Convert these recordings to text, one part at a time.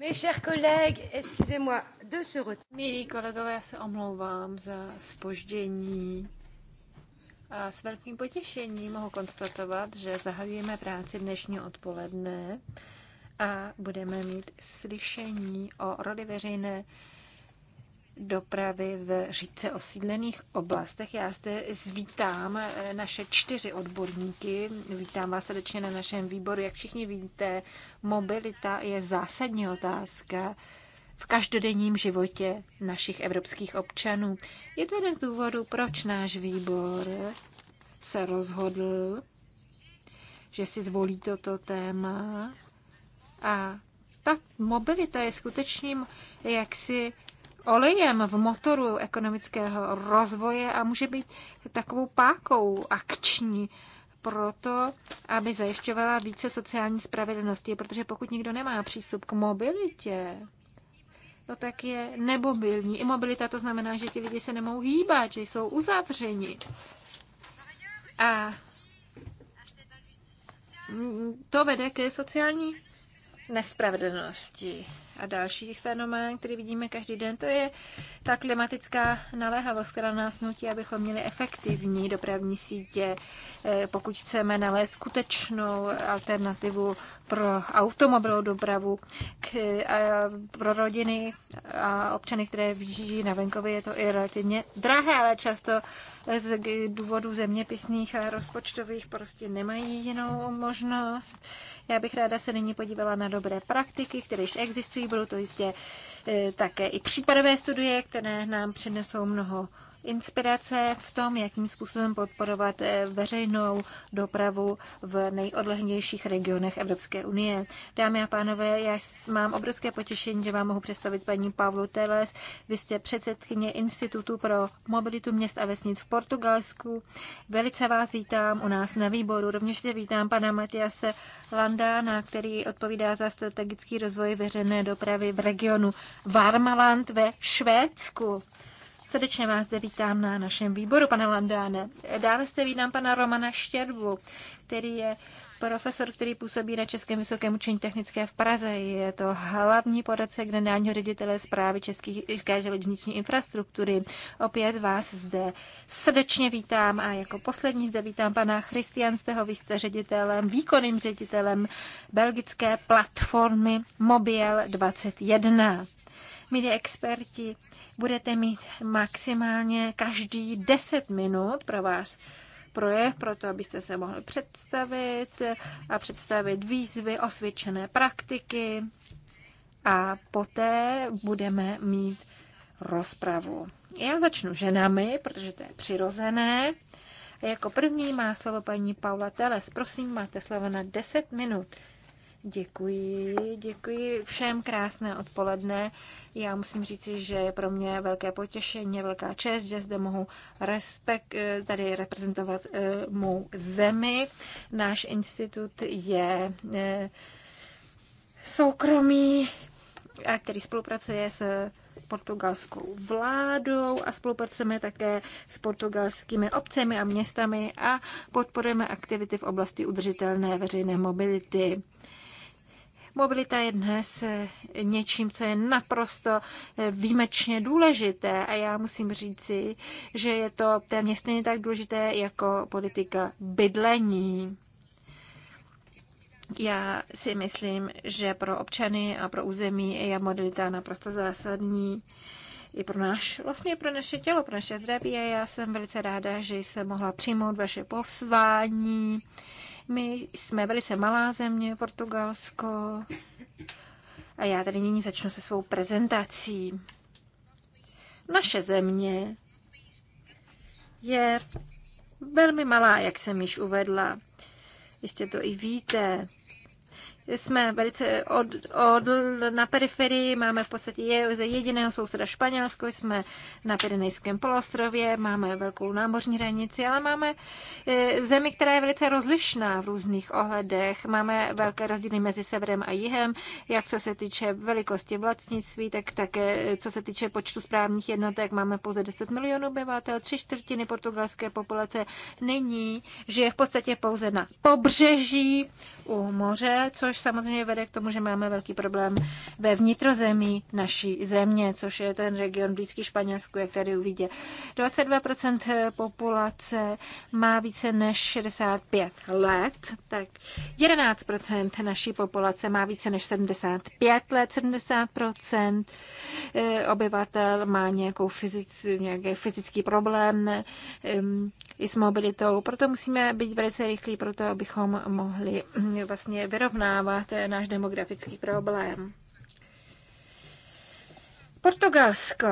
Mes chers collègues, excusez-moi de se Milí kolegové, já se omlouvám za spoždění. A s velkým potěšením mohu konstatovat, že zahajujeme práci dnešního odpoledne a budeme mít slyšení o roli veřejné dopravy v řídce osídlených oblastech. Já zde zvítám eh, naše čtyři odborníky. Vítám vás srdečně na našem výboru. Jak všichni víte, mobilita je zásadní otázka v každodenním životě našich evropských občanů. Je to jeden z důvodů, proč náš výbor se rozhodl, že si zvolí toto téma. A ta mobilita je skutečným jaksi olejem v motoru ekonomického rozvoje a může být takovou pákou akční proto, aby zajišťovala více sociální spravedlnosti, protože pokud nikdo nemá přístup k mobilitě, no tak je nemobilní. Imobilita to znamená, že ti lidi se nemohou hýbat, že jsou uzavřeni. A to vede ke sociální nespravedlnosti. A další fenomén, který vidíme každý den, to je ta klimatická naléhavost, která nás nutí, abychom měli efektivní dopravní sítě, eh, pokud chceme nalézt skutečnou alternativu pro automobilovou dopravu, k, a, pro rodiny a občany, které žijí na venkově, je to i relativně drahé, ale často z důvodu zeměpisných a rozpočtových prostě nemají jinou možnost. Já bych ráda se nyní podívala na dobré praktiky, které již existují. Budou to jistě eh, také i případové studie, které nám přinesou mnoho inspirace v tom, jakým způsobem podporovat eh, veřejnou dopravu v nejodlehnějších regionech Evropské unie. Dámy a pánové, já mám obrovské potěšení, že vám mohu představit paní Pavlu Teles. Vy jste předsedkyně Institutu pro mobilitu měst a vesnic v Portugalsku. Velice vás vítám u nás na výboru. Rovněž se vítám pana Matiase Landána, který odpovídá za strategický rozvoj veřejné dopravy v regionu Varmaland ve Švédsku. Srdečně vás zde vítám na našem výboru, pane Landáne. Dále zde vítám pana Romana Štěrbu, který je profesor, který působí na Českém vysokém učení technické v Praze. Je to hlavní poradce generálního ředitele zprávy České železniční infrastruktury. Opět vás zde srdečně vítám a jako poslední zde vítám pana Steho, vy jste ředitelem, výkonným ředitelem belgické platformy Mobil 21. My experti budete mít maximálně každý 10 minut pro vás projev, proto abyste se mohli představit a představit výzvy, osvědčené praktiky a poté budeme mít rozpravu. Já začnu ženami, protože to je přirozené. Jako první má slovo paní Paula Teles. Prosím, máte slovo na 10 minut. Děkuji, děkuji všem krásné odpoledne. Já musím říci, že je pro mě velké potěšení, velká čest, že zde mohu respekt, eh, tady reprezentovat eh, mou zemi. Náš institut je eh, soukromý, a který spolupracuje s portugalskou vládou a spolupracujeme také s portugalskými obcemi a městami a podporujeme aktivity v oblasti udržitelné veřejné mobility. Mobilita je dnes eh, něčím, co je naprosto eh, výjimečně důležité a já musím říci, že je to téměř stejně tak důležité jako politika bydlení. Já si myslím, že pro občany a pro území je mobilita naprosto zásadní i pro náš, vlastně pro naše tělo, pro naše zdraví. A já jsem velice ráda, že jsem mohla přijmout vaše povzvání. My jsme velice malá země, Portugalsko. A já tady nyní začnu se svou prezentací. Naše země je velmi malá, jak jsem již uvedla. Jistě to i víte jsme velice od, od, na periferii, máme v podstatě jediného souseda Španělsko, jsme na Pirinejském polostrově, máme velkou námořní hranici, ale máme e, zemi, která je velice rozlišná v různých ohledech. Máme velké rozdíly mezi severem a jihem, jak co se týče velikosti vlastnictví, tak také e, co se týče počtu správních jednotek, máme pouze 10 milionů obyvatel, tři čtvrtiny portugalské populace není, je v podstatě pouze na pobřeží u moře, což samozřejmě vede k tomu, že máme velký problém ve vnitrozemí naší země, což je ten region blízký Španělsku, jak tady uvidě. 22% populace má více než 65 let, tak 11% naší populace má více než 75 let, 70% eh, obyvatel má nějakou fyzic, nějaký fyzický problém eh, i s mobilitou. Proto musíme být velice rychlí, proto abychom mohli eh, tím vlastně vyrovnává ten náš demografický problém. Portugalsko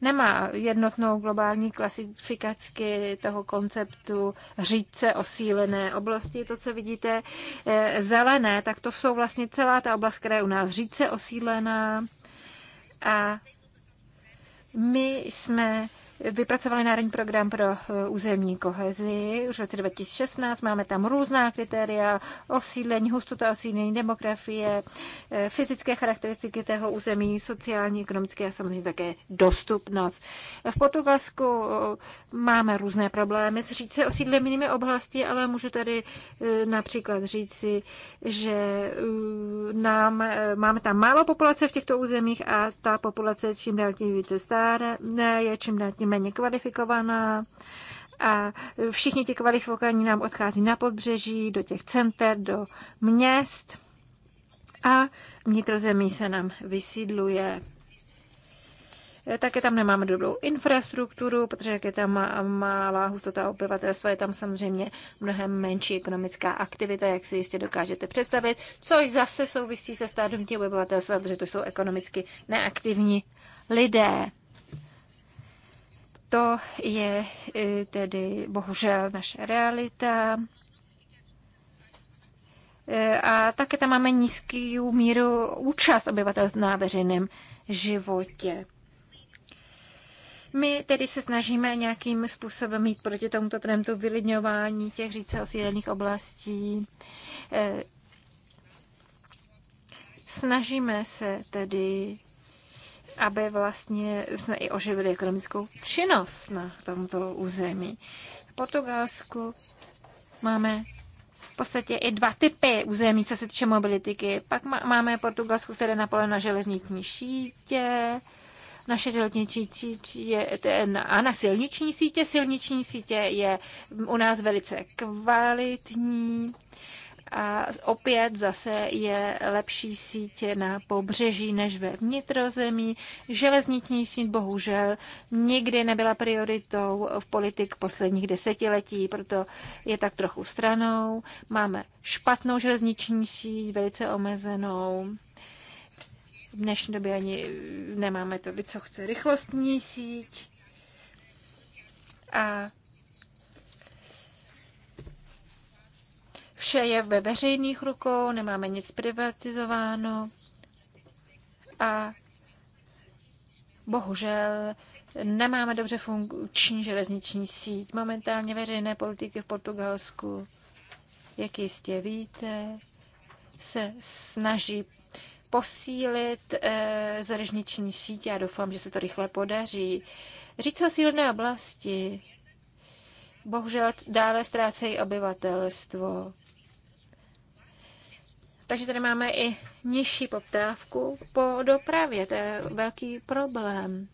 nemá jednotnou globální klasifikaci toho konceptu řídce osílené oblasti. To, co vidíte eh, zelené, tak to jsou vlastně celá ta oblast, která je u nás řídce osílená. A my jsme vypracovali národní program pro eh, územní kohezi už v roce 2016. Máme tam různá kritéria osídlení, hustota osídlení, demografie, eh, fyzické charakteristiky tého území, sociální, ekonomické a samozřejmě také dostupnost. V Portugalsku eh, máme různé problémy s říct osídlení osídlenými oblasti, ale můžu tady například říci, že nám, máme tam málo populace v těchto územích a ta populace čím dál tím více stárne, je čím dál tím nejméně kvalifikovaná a všichni ti kvalifikovaní nám odchází na pobřeží, do těch center, do měst a vnitrozemí se nám vysídluje. Také tam nemáme dobrou infrastrukturu, protože jak je tam malá hustota obyvatelstva, je tam samozřejmě mnohem menší ekonomická aktivita, jak si jistě dokážete představit, což zase souvisí se těch obyvatelstva, protože to jsou ekonomicky neaktivní lidé. To je e, tedy bohužel naše realita. E, a také tam máme nízký míru účast obyvatel na veřejném životě. My tedy se snažíme nějakým způsobem mít proti tomuto trendu vylidňování těch říce osídlených oblastí. E, snažíme se tedy aby vlastně jsme i oživili ekonomickou činnost na tomto území. V Portugalsku máme v podstatě i dva typy území, co se týče mobilitiky. Pak máme Portugalsku, které je na železniční šítě, naše železniční je a na silniční sítě. Silniční sítě je u nás velice kvalitní. A opět zase je lepší síť na pobřeží než ve vnitrozemí. Železniční síť bohužel nikdy nebyla prioritou v politik posledních desetiletí, proto je tak trochu stranou. Máme špatnou železniční síť, velice omezenou. V dnešní době ani nemáme to co chce rychlostní síť. A Vše je ve veřejných rukou, nemáme nic privatizováno a bohužel nemáme dobře funkční železniční síť. Momentálně veřejné politiky v Portugalsku, jak jistě víte, se snaží posílit e, eh, zrežniční síť. Já doufám, že se to rychle podaří. Říct o silné oblasti bohužel dále ztrácejí obyvatelstvo. Takže tady máme i nižší poptávku po dopravě. To je velký problém.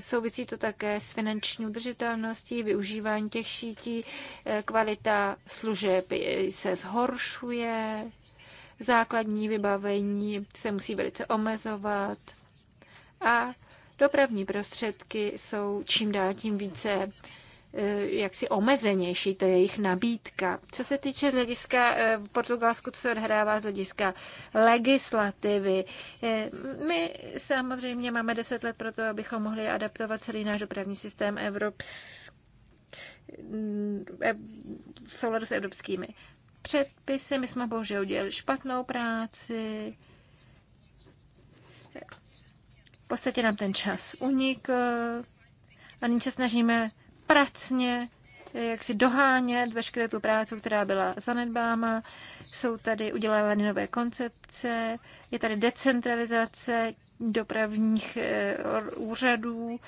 Souvisí to také s finanční udržitelností, využívání těch šítí, eh, kvalita služeb se zhoršuje, základní vybavení se musí velice omezovat a dopravní prostředky jsou čím dál tím více Eh, jaksi omezenější, to je jejich nabídka. Co se týče z hlediska eh, v Portugalsku, co se odhrává z hlediska legislativy, eh, my samozřejmě máme deset let pro to, abychom mohli adaptovat celý náš dopravní systém evropský v souladu s evropskými předpisy. My jsme bohužel udělali špatnou práci. V podstatě nám ten čas unikl. A nyní se snažíme pracně jak si dohánět veškeré tu práci, která byla zanedbána. Jsou tady udělávány nové koncepce, je tady decentralizace dopravních eh, úřadů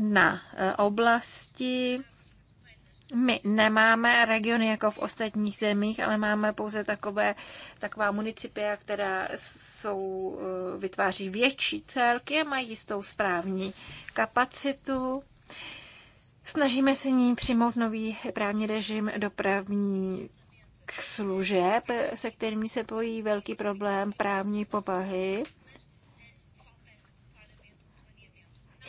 na eh, oblasti my nemáme regiony jako v ostatních zemích, ale máme pouze takové, taková municipia, která jsou, eh, vytváří větší celky a mají jistou správní kapacitu. Snažíme se ní přijmout nový právní režim dopravní služeb, se kterými se pojí velký problém právní povahy.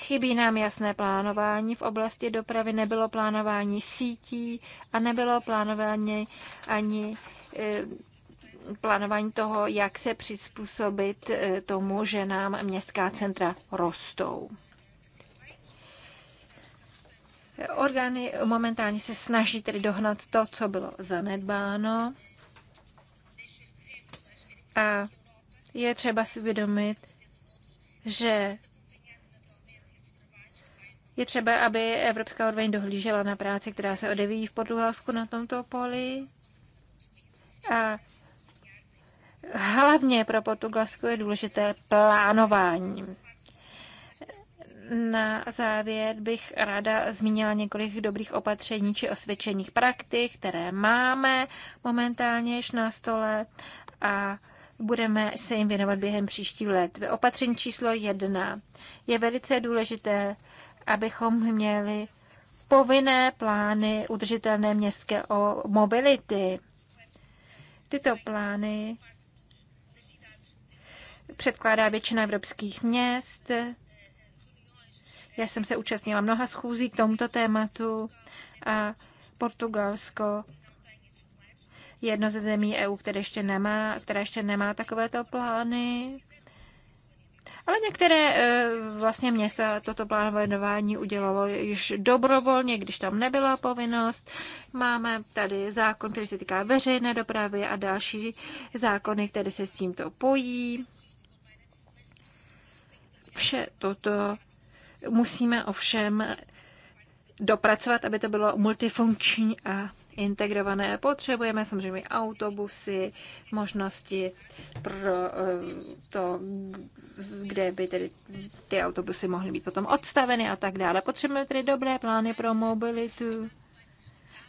Chybí nám jasné plánování v oblasti dopravy, nebylo plánování sítí a nebylo plánování ani e, plánování toho, jak se přizpůsobit e, tomu, že nám městská centra rostou. Orgány momentálně se snaží tedy dohnat to, co bylo zanedbáno. A je třeba si uvědomit, že je třeba, aby Evropská úroveň dohlížela na práci, která se odevíjí v Portugalsku na tomto poli. A hlavně pro Portugalsko je důležité plánování. Na závěr bych ráda zmínila několik dobrých opatření či osvědčených praktik, které máme momentálně již na stole a budeme se jim věnovat během příští let. Opatření číslo jedna. Je velice důležité abychom měli povinné plány udržitelné městské mobility. Tyto plány předkládá většina evropských měst. Já jsem se účastnila mnoha schůzí k tomuto tématu a Portugalsko je jedno ze zemí EU, které ještě nemá, které ještě nemá takovéto plány. Ale některé eh, vlastně města toto plánování udělalo již dobrovolně, když tam nebyla povinnost. Máme tady zákon, který se týká veřejné dopravy a další zákony, které se s tímto pojí. Vše toto musíme ovšem dopracovat, aby to bylo multifunkční a integrované. Potřebujeme samozřejmě autobusy, možnosti pro eh, to, kde by tedy ty autobusy mohly být potom odstaveny a tak dále. Potřebujeme tedy dobré plány pro mobilitu.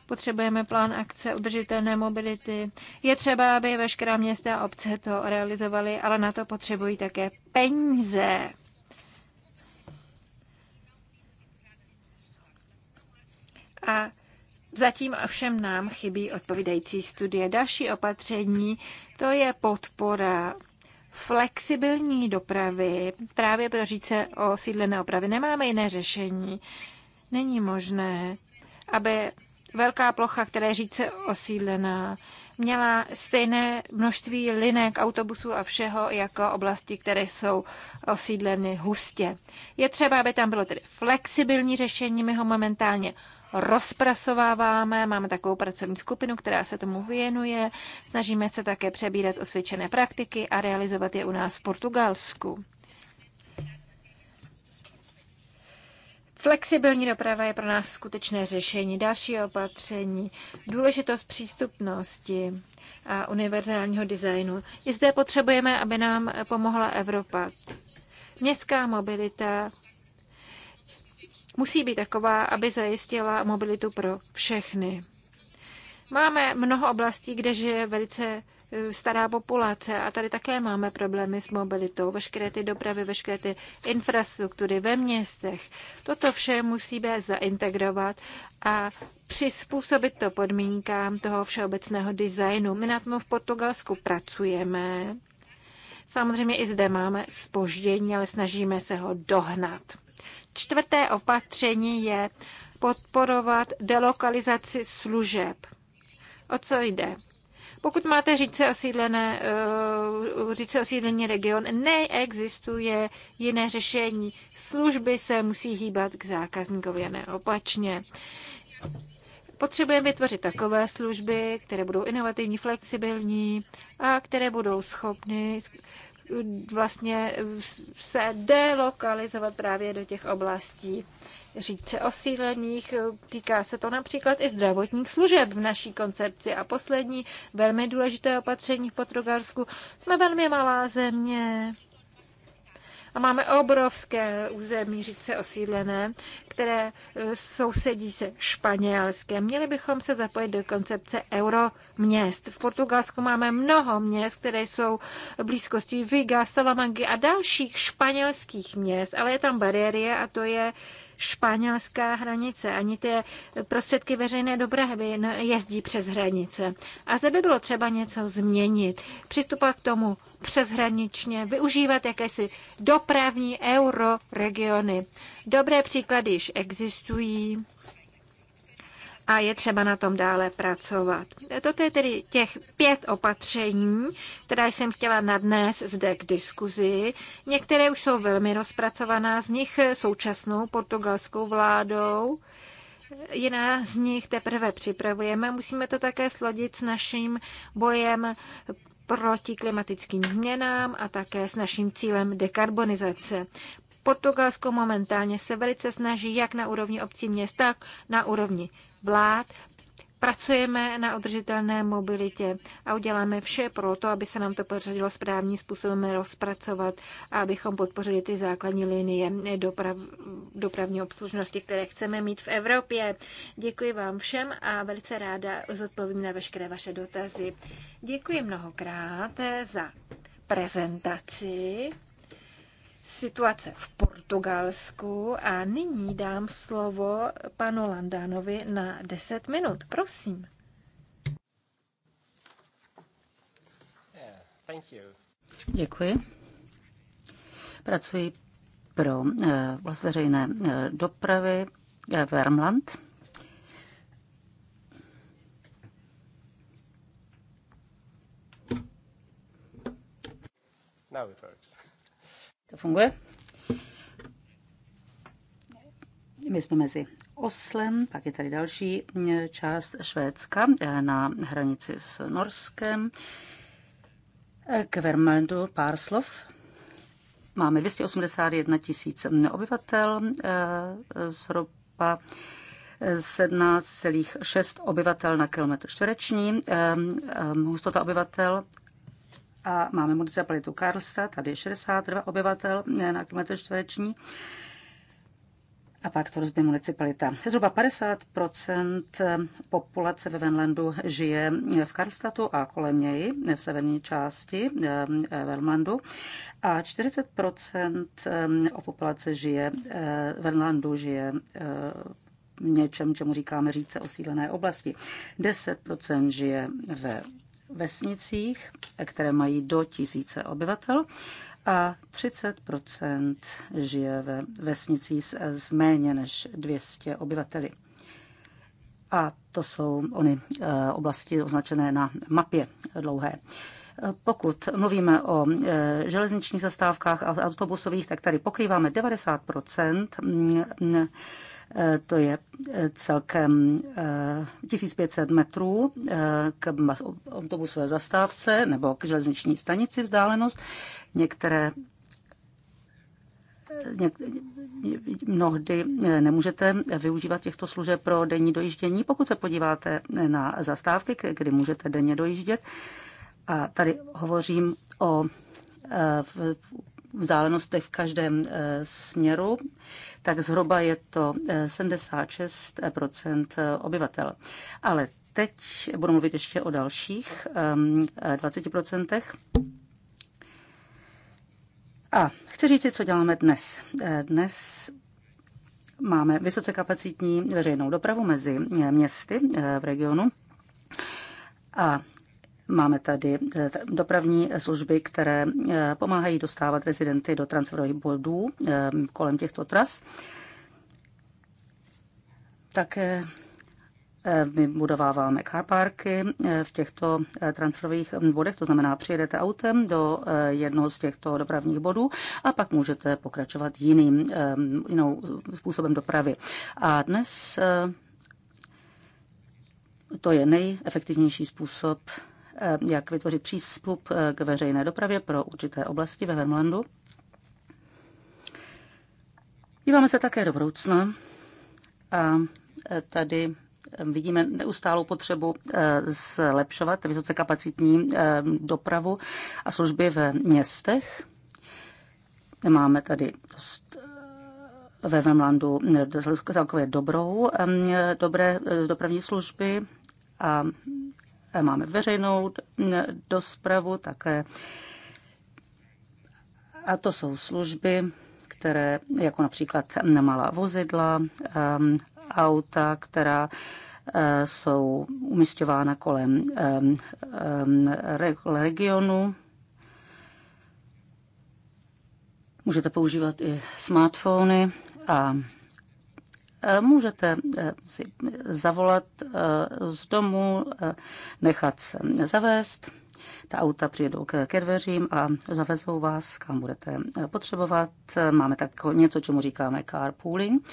Potřebujeme plán akce udržitelné mobility. Je třeba, aby veškerá města a obce to realizovaly, ale na to potřebují také peníze. A Zatím všem nám chybí odpovídající studie. Další opatření to je podpora flexibilní dopravy právě pro říce o sídlené opravy. Nemáme jiné řešení. Není možné, aby velká plocha, která je říce osídlená, měla stejné množství linek, autobusů a všeho jako oblasti, které jsou osídleny hustě. Je třeba, aby tam bylo tedy flexibilní řešení, my ho momentálně rozprasováváme, máme takovou pracovní skupinu, která se tomu věnuje, snažíme se také přebírat osvědčené praktiky a realizovat je u nás v Portugalsku. Flexibilní doprava je pro nás skutečné řešení. Další opatření, důležitost přístupnosti a univerzálního designu. I zde potřebujeme, aby nám pomohla Evropa. Městská mobilita musí být taková, aby zajistila mobilitu pro všechny. Máme mnoho oblastí, kde žije velice eh, stará populace a tady také máme problémy s mobilitou, veškeré ty dopravy, veškeré ty infrastruktury ve městech. Toto vše musíme zaintegrovat a přizpůsobit to podmínkám toho všeobecného designu. My na tom v Portugalsku pracujeme. Samozřejmě i zde máme spoždění, ale snažíme se ho dohnat. Čtvrté opatření je podporovat delokalizaci služeb. O co jde? Pokud máte říce osídlené, eh, říce osídlený region, neexistuje jiné řešení. Služby se musí hýbat k zákazníkovi a neopačně. Potřebujeme vytvořit takové služby, které budou inovativní, flexibilní a které budou schopny vlastně se delokalizovat právě do těch oblastí řídce osídlených. Týká se to například i zdravotních služeb v naší koncepci. A poslední velmi důležité opatření v Potrogarsku. Jsme velmi malá země, a máme obrovské území říce osídlené, které eh, sousedí se Španělskem. Měli bychom se zapojit do koncepce euroměst. V Portugalsku máme mnoho měst, které jsou blízkosti Viga, Salamangy a dalších španělských měst, ale je tam bariéry a to je španělská hranice, ani ty prostředky veřejné dopravy jezdí přes hranice. A zde by bylo třeba něco změnit, přistupovat k tomu přeshraničně, využívat jakési dopravní euroregiony. Dobré příklady již existují a je třeba na tom dále pracovat. Toto je tedy těch pět opatření, která jsem chtěla nadnes zde k diskuzi. Některé už jsou velmi rozpracovaná, z nich současnou portugalskou vládou. Jiná z nich teprve připravujeme. Musíme to také slodit s naším bojem proti klimatickým změnám a také s naším cílem dekarbonizace. Portugalsko momentálně se velice snaží jak na úrovni obcí měst, tak na úrovni vlád. Pracujeme na udržitelné mobilitě a uděláme vše pro to, aby se nám to podařilo správným způsobem rozpracovat a abychom podpořili ty základní linie doprav, dopravní obslužnosti, které chceme mít v Evropě. Děkuji vám všem a velice ráda zodpovím na veškeré vaše dotazy. Děkuji mnohokrát za prezentaci situace v Portugalsku a nyní dám slovo panu Landánovi na 10 minut. Prosím. Děkuji. Pracuji pro eh, vlast veřejné eh, dopravy eh, Vermland. Now it works. To funguje? My jsme mezi Oslem, pak je tady další mm, část Švédska eh, na hranici s Norskem. Eh, k Vermlandu pár slov. Máme 281 tisíc mm, obyvatel, eh, zhruba 17,6 obyvatel na kilometr čtvereční. Hustota obyvatel a máme municipalitu Karlstad, tady je 62 obyvatel eh, na kilometr čtvereční a pak to rozbije municipalita. Zhruba 50 eh, populace ve Venlandu žije eh, v Karlstatu a kolem něj, v severní části Venlandu. A 40 o populace žije Venlandu žije v něčem, čemu říkáme říce osídlené oblasti. 10 žije ve vesnicích, které mají do tisíce obyvatel a 30 žije ve vesnicích s méně než 200 obyvateli. A to jsou ony eh, oblasti označené na mapě dlouhé. Pokud mluvíme o eh, železničních zastávkách a autobusových, tak tady pokrýváme 90 to je eh, celkem 1500 eh, metrů eh, k autobusové zastávce nebo k železniční stanici vzdálenost. Některé mnohdy nemůžete využívat těchto služeb pro denní dojíždění, pokud se podíváte na zastávky, kdy můžete denně dojíždět. A tady hovořím o v vzdálenostech v každém eh, směru, tak zhruba je to 76 eh, eh, obyvatel. Ale teď budu mluvit ještě o dalších 20 a chci říct, co děláme dnes. Dnes máme vysoce kapacitní veřejnou dopravu mezi městy v regionu. A Máme tady eh, dopravní služby, které eh, pomáhají dostávat rezidenty do transferových bodů eh, kolem těchto tras. Také budováváme karparky v těchto transferových hm, bodech, to znamená, přijedete autem do jednoho z těchto dopravních bodů a pak můžete pokračovat jiným, jinou způsobem dopravy. A dnes to je nejefektivnější způsob Eh, jak vytvořit přístup eh, k veřejné dopravě pro určité oblasti ve Vermlandu. Díváme se také do budoucna a eh, tady vidíme neustálou potřebu zlepšovat vysoce kapacitní dopravu a služby ve městech. Máme tady dost ve Vemlandu celkově dobrou, dobré dopravní služby a máme veřejnou dospravu také. A to jsou služby, které, jako například malá vozidla, auta, která e, jsou umistována kolem regionu. Můžete používat i smartfony a Eh, můžete eh, si eh, zavolat z domu, nechat se zavést. Ta auta přijedou ke dveřím a zavezou vás, kam budete potřebovat. Máme tak něco, čemu říkáme carpooling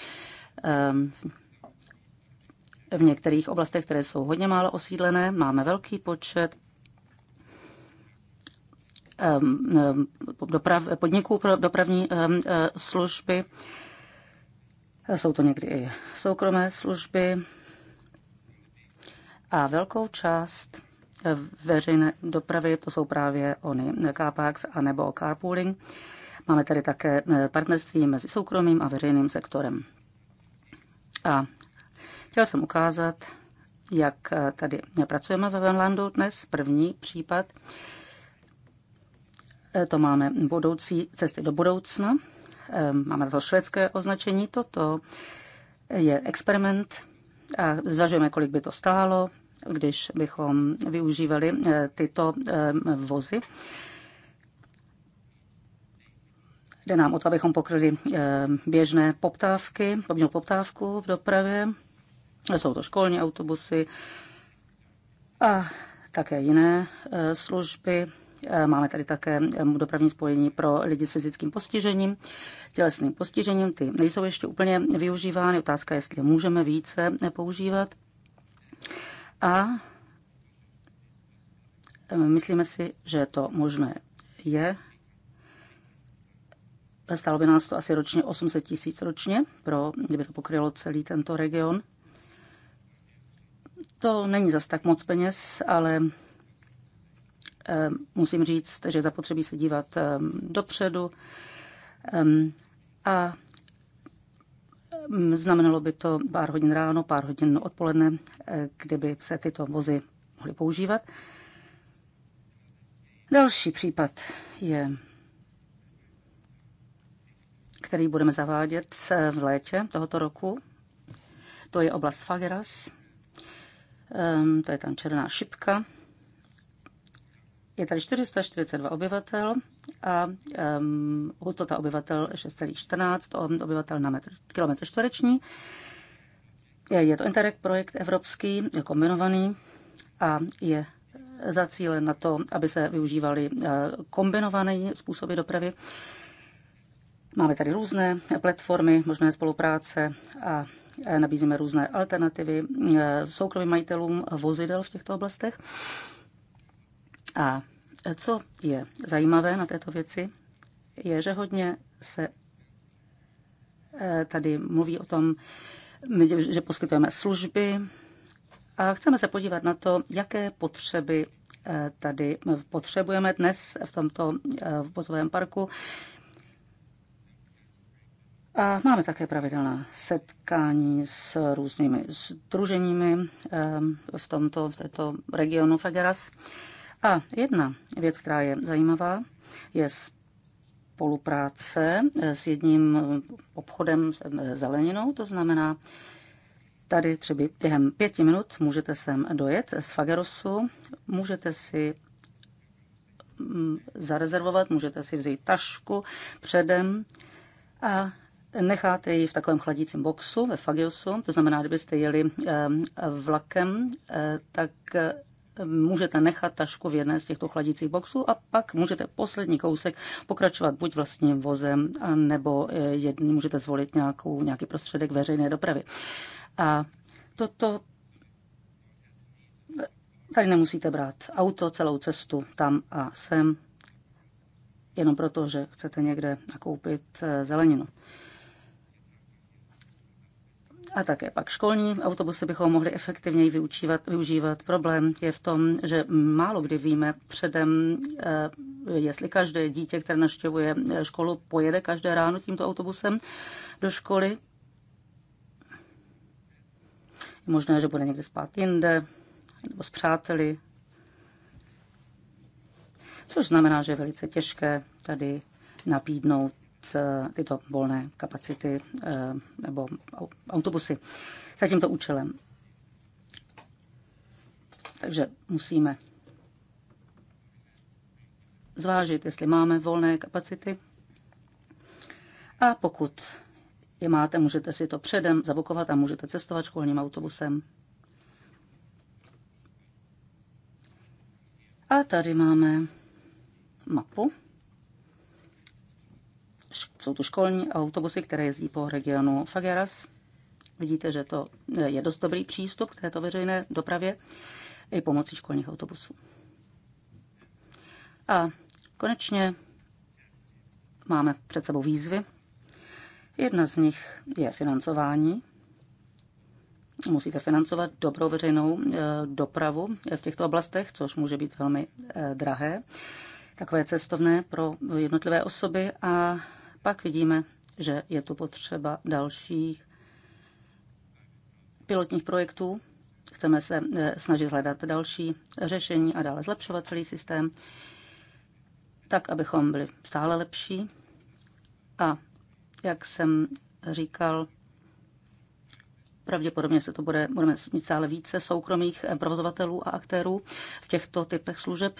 v některých oblastech, které jsou hodně málo osídlené, máme velký počet doprav, podniků pro dopravní služby. Jsou to někdy i soukromé služby a velkou část veřejné dopravy, to jsou právě ony CAPAX a nebo carpooling. Máme tady také eh, partnerství mezi soukromým a veřejným sektorem. A chtěl jsem ukázat, jak eh, tady pracujeme ve Venlandu dnes, první případ. Eh, to máme budoucí cesty do budoucna. Ehm, máme na to švédské označení, toto je experiment a zažijeme, kolik by to stálo, když bychom využívali eh, tyto ehm, vozy. Jde nám o to, abychom pokryli ehm, běžné poptávky, poměl poptávku v dopravě. Jsou to školní autobusy a také jiné eh, služby Eh, máme tady také eh, dopravní spojení pro lidi s fyzickým postižením, tělesným postižením. Ty nejsou ještě úplně využívány. Otázka, jestli můžeme více eh, používat. A myslíme si, že to možné je. Stalo by nás to asi ročně 800 tisíc ročně, pro, kdyby to pokrylo celý tento region. To není zas tak moc peněz, ale Eh, musím říct, že zapotřebí se dívat eh, dopředu ehm, a ehm, znamenalo by to pár hodin ráno, pár hodin odpoledne, eh, kdyby se tyto vozy mohly používat. Další případ je, který budeme zavádět v létě tohoto roku. To je oblast Fageras. Ehm, to je tam černá šipka, je tady 442 obyvatel a um, hustota obyvatel 6,14 obyvatel na metr, kilometr čtvereční. Je, je to Interreg projekt evropský, je kombinovaný a je zacílen na to, aby se využívaly eh, kombinované způsoby dopravy. Máme tady různé platformy možné spolupráce a eh, nabízíme různé alternativy eh, soukromým majitelům vozidel v těchto oblastech. A co je zajímavé na této věci, je, že hodně se eh, tady mluví o tom, že poskytujeme služby a chceme se podívat na to, jaké potřeby eh, tady potřebujeme dnes v tomto eh, vozovém parku. A máme také pravidelná setkání s různými združeními v tomto v této regionu Fageras. A jedna věc, která je zajímavá, je spolupráce s jedním obchodem s zeleninou, to znamená, tady třeba během pěti minut můžete sem dojet z Fagerosu, můžete si mm, zarezervovat, můžete si vzít tašku předem a necháte ji v takovém chladícím boxu ve Fagiosu, to znamená, kdybyste jeli ehm, vlakem, eh, tak můžete nechat tašku v jedné z těchto chladicích boxů a pak můžete poslední kousek pokračovat buď vlastním vozem, nebo eh, jedný, můžete zvolit nějakou, nějaký prostředek veřejné dopravy. A toto tady nemusíte brát auto celou cestu tam a sem, jenom proto, že chcete někde nakoupit eh, zeleninu a také pak školní autobusy bychom mohli efektivněji využívat, využívat. Problém je v tom, že málo kdy víme předem, eh, jestli každé dítě, které naštěvuje eh, školu, pojede každé ráno tímto autobusem do školy. Je možné, že bude někde spát jinde nebo s přáteli, což znamená, že je velice těžké tady napídnout tyto volné kapacity eh, nebo autobusy za tímto účelem. Takže musíme zvážit, jestli máme volné kapacity. A pokud je máte, můžete si to předem zabokovat a můžete cestovat školním autobusem. A tady máme mapu jsou tu školní autobusy, které jezdí po regionu Fageras. Vidíte, že to e, je dost dobrý přístup k této veřejné dopravě i pomocí školních autobusů. A konečně máme před sebou výzvy. Jedna z nich je financování. Musíte financovat dobrou veřejnou e, dopravu v těchto oblastech, což může být velmi e, drahé. Takové cestovné pro jednotlivé osoby a pak vidíme, že je tu potřeba dalších pilotních projektů. Chceme se eh, snažit hledat další řešení a dále zlepšovat celý systém, tak abychom byli stále lepší. A jak jsem říkal, pravděpodobně se to bude, budeme mít stále více soukromých eh, provozovatelů a aktérů v těchto typech služeb.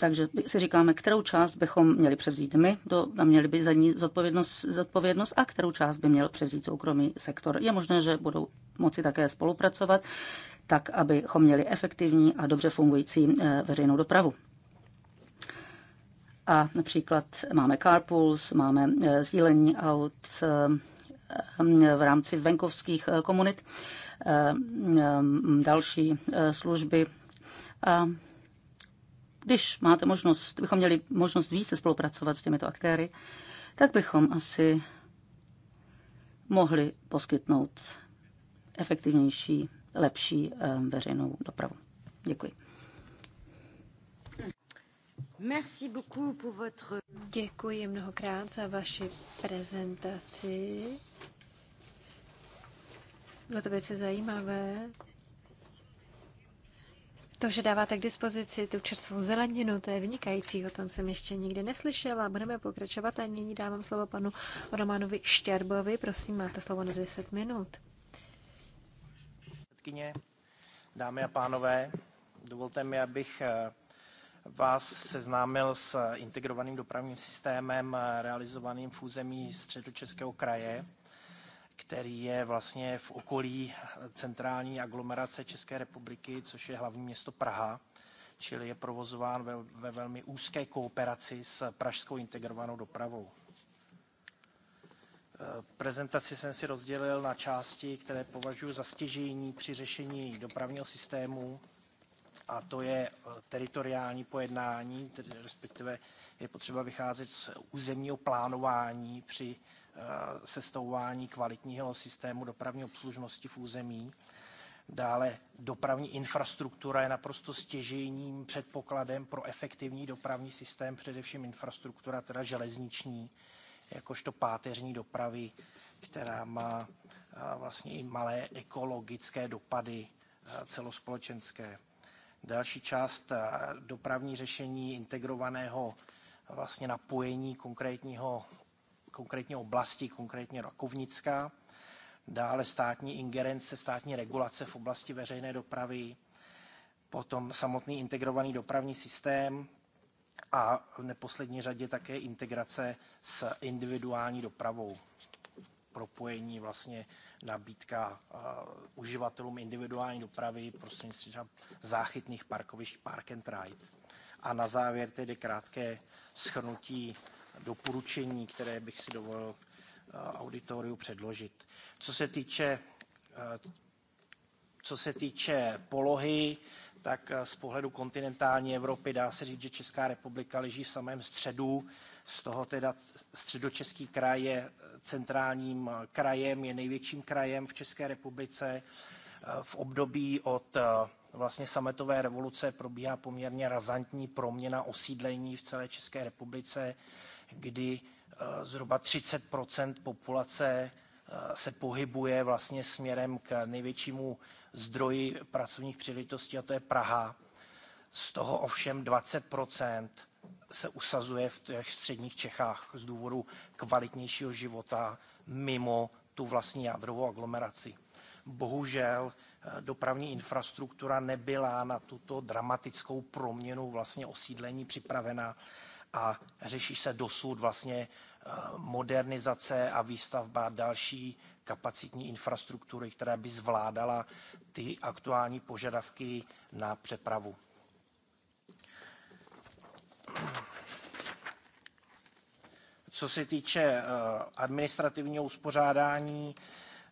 Takže si říkáme, kterou část bychom měli převzít my, do, a měli by za ní zodpovědnost, zodpovědnost a kterou část by měl převzít soukromý sektor. Je možné, že budou moci také spolupracovat, tak abychom měli efektivní a dobře fungující eh, veřejnou dopravu. A například máme carpools, máme eh, sdílení aut eh, v rámci venkovských komunit, další služby. A když máte možnost, bychom měli možnost více spolupracovat s těmito aktéry, tak bychom asi mohli poskytnout efektivnější, lepší eh, veřejnou dopravu. Děkuji. Merci beaucoup pour votre... Děkuji mnohokrát za vaši prezentaci. Bylo to velice zajímavé. To, že dáváte k dispozici tu čerstvou zeleninu, to je vynikající, o tom jsem ještě nikdy neslyšela. Budeme pokračovat a nyní dávám slovo panu Romanovi Štěrbovi. Prosím, máte slovo na 10 minut. dámy a pánové, dovolte mi, abych eh, vás seznámil s integrovaným dopravním systémem eh, realizovaným v území středočeského kraje který je vlastně v okolí centrální aglomerace České republiky, což je hlavní město Praha, čili je provozován ve, ve velmi úzké kooperaci s pražskou integrovanou dopravou. Eh, prezentaci jsem si rozdělil na části, které považuji za stěžení při řešení dopravního systému, a to je eh, teritoriální pojednání, tedy respektive je potřeba vycházet z územního plánování při Eh, sestouvání kvalitního systému dopravní obslužnosti v území. Dále dopravní infrastruktura je naprosto stěžejním předpokladem pro efektivní dopravní systém, především infrastruktura teda železniční, jakožto páteřní dopravy, která má eh, vlastně i malé ekologické dopady eh, celospolečenské. Další část dopravní řešení integrovaného vlastně napojení konkrétního konkrétně oblasti, konkrétně Rakovnická, dále státní ingerence, státní regulace v oblasti veřejné dopravy, potom samotný integrovaný dopravní systém a v neposlední řadě také integrace s individuální dopravou. Propojení vlastně nabídka uh, uživatelům individuální dopravy prostřednictvím třeba záchytných parkovišť Park and Ride. A na závěr tedy krátké schrnutí doporučení, které bych si dovolil eh, auditoriu předložit. Co se týče, eh, co se týče polohy, tak eh, z pohledu kontinentální Evropy dá se říct, že Česká republika leží v samém středu. Z toho teda středočeský kraj je centrálním krajem, je největším krajem v České republice. V období od vlastně sametové revoluce probíhá poměrně razantní proměna osídlení v celé České republice kdy eh, zhruba 30 populace eh, se pohybuje vlastně směrem k největšímu zdroji pracovních příležitostí, a to je Praha. Z toho ovšem 20 se usazuje v těch středních Čechách z důvodu kvalitnějšího života mimo tu vlastní jádrovou aglomeraci. Bohužel eh, dopravní infrastruktura nebyla na tuto dramatickou proměnu vlastně osídlení připravena a řeší se dosud vlastně eh, modernizace a výstavba další kapacitní infrastruktury, která by zvládala ty aktuální požadavky na přepravu. Co se týče eh, administrativního uspořádání,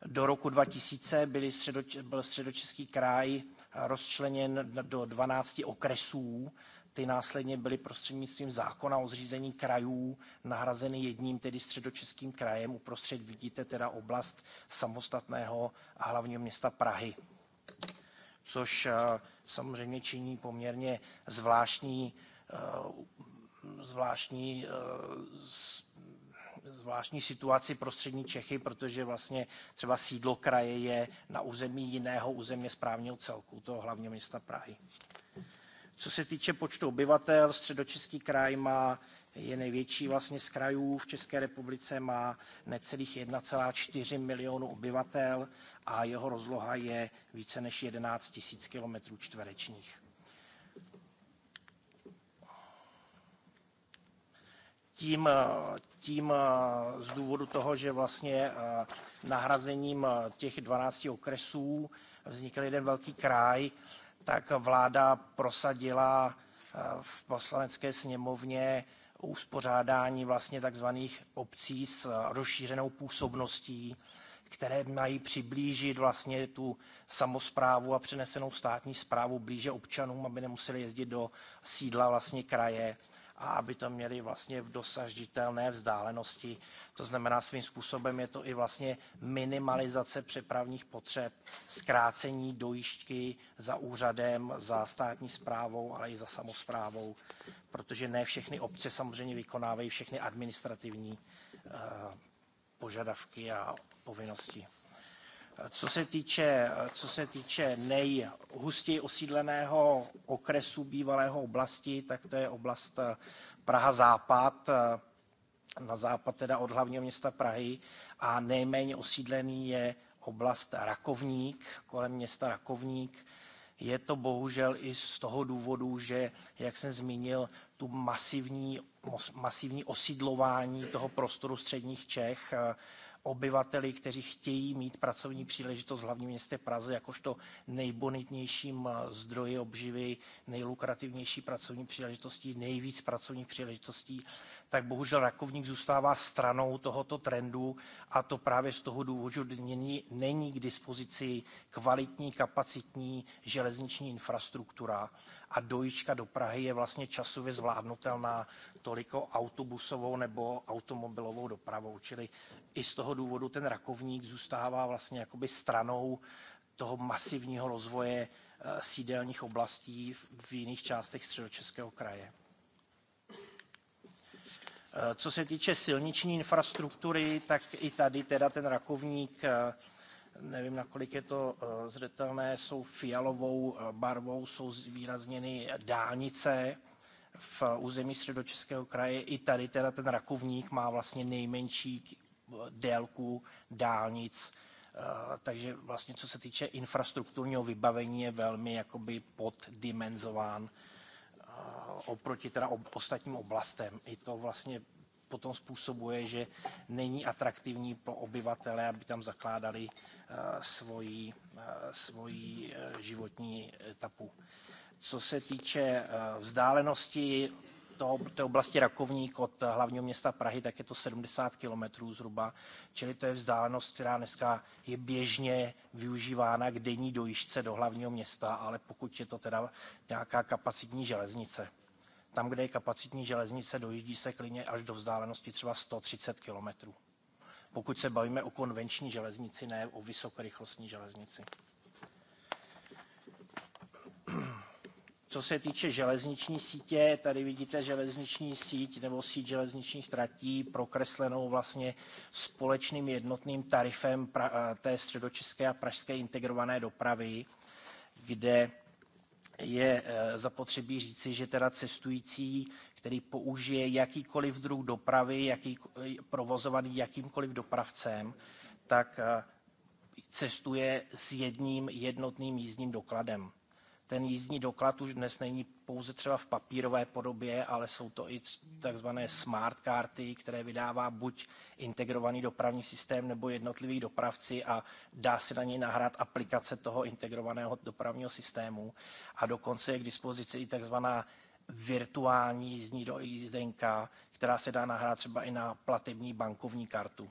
do roku 2000 byly středoč, byl středočeský kraj rozčleněn do 12 okresů, ty následně byly prostřednictvím zákona o zřízení krajů nahrazeny jedním, tedy středočeským krajem. Uprostřed vidíte teda oblast samostatného a hlavního města Prahy, což eh, samozřejmě činí poměrně zvláštní, eh, zvláštní eh, zvláštní situaci prostřední Čechy, protože vlastně třeba sídlo kraje je na území jiného územně správního celku, toho hlavního města Prahy. Co se týče počtu obyvatel, středočeský kraj má, je největší vlastně z krajů v České republice, má necelých 1,4 milionu obyvatel a jeho rozloha je více než 11 000 km čtverečních. tím, tím z důvodu toho, že vlastně nahrazením těch 12 okresů vznikl jeden velký kraj, tak vláda prosadila eh, v poslanecké sněmovně uspořádání vlastně takzvaných obcí s rozšířenou působností, které mají přiblížit vlastně tu samozprávu a přenesenou státní zprávu blíže občanům, aby nemuseli jezdit do sídla vlastně kraje a aby to měli vlastně v dosažitelné vzdálenosti to znamená, svým způsobem je to i vlastně minimalizace přepravních potřeb, zkrácení dojížďky za úřadem, za státní správou, ale i za samozprávou, protože ne všechny obce samozřejmě vykonávají všechny administrativní eh, požadavky a povinnosti. Co se týče, co se týče nejhustěji osídleného okresu bývalého oblasti, tak to je oblast eh, Praha Západ na západ teda od hlavního města Prahy a nejméně osídlený je oblast Rakovník, kolem města Rakovník. Je to bohužel i z toho důvodu, že, jak jsem zmínil, tu masivní, masivní osídlování toho prostoru středních Čech eh, obyvateli, kteří chtějí mít pracovní příležitost v hlavním městě Praze jakožto nejbonitnějším zdroji obživy, nejlukrativnější pracovní příležitostí, nejvíc pracovních příležitostí, tak bohužel Rakovník zůstává stranou tohoto trendu a to právě z toho důvodu, že není, není k dispozici kvalitní, kapacitní železniční infrastruktura a dojíčka do Prahy je vlastně časově zvládnutelná toliko autobusovou nebo automobilovou dopravou. Čili i z toho důvodu ten rakovník zůstává vlastně jakoby stranou toho masivního rozvoje eh, sídelních oblastí v jiných částech středočeského kraje. Eh, co se týče silniční infrastruktury, tak i tady teda ten rakovník, eh, nevím, nakolik je to zřetelné, jsou fialovou barvou, jsou zvýrazněny dálnice, v území středočeského kraje. I tady teda ten Rakovník má vlastně nejmenší délku dálnic, eh, takže vlastně co se týče infrastrukturního vybavení je velmi jakoby poddimenzován eh, oproti teda ostatním oblastem. I to vlastně potom způsobuje, že není atraktivní pro obyvatele, aby tam zakládali eh, svoji, svoji životní etapu co se týče eh, vzdálenosti toho, té oblasti Rakovník od hlavního města Prahy, tak je to 70 kilometrů zhruba, čili to je vzdálenost, která dneska je běžně využívána k denní dojížďce do hlavního města, ale pokud je to teda nějaká kapacitní železnice. Tam, kde je kapacitní železnice, dojíždí se klidně až do vzdálenosti třeba 130 kilometrů. Pokud se bavíme o konvenční železnici, ne o vysokorychlostní železnici. Co se týče železniční sítě, tady vidíte železniční síť nebo síť železničních tratí prokreslenou vlastně společným jednotným tarifem eh, té středočeské a pražské integrované dopravy, kde je eh, zapotřebí říci, že teda cestující, který použije jakýkoliv druh dopravy, jaký, eh, provozovaný jakýmkoliv dopravcem, tak cestuje s jedním jednotným jízdním dokladem ten jízdní doklad už dnes není pouze třeba v papírové podobě, ale jsou to i takzvané smart karty, které vydává buď integrovaný dopravní systém nebo jednotliví dopravci a dá se na něj nahrát aplikace toho integrovaného dopravního systému. A dokonce je k dispozici i takzvaná virtuální jízdní jízdenka, která se dá nahrát třeba i na platební bankovní kartu.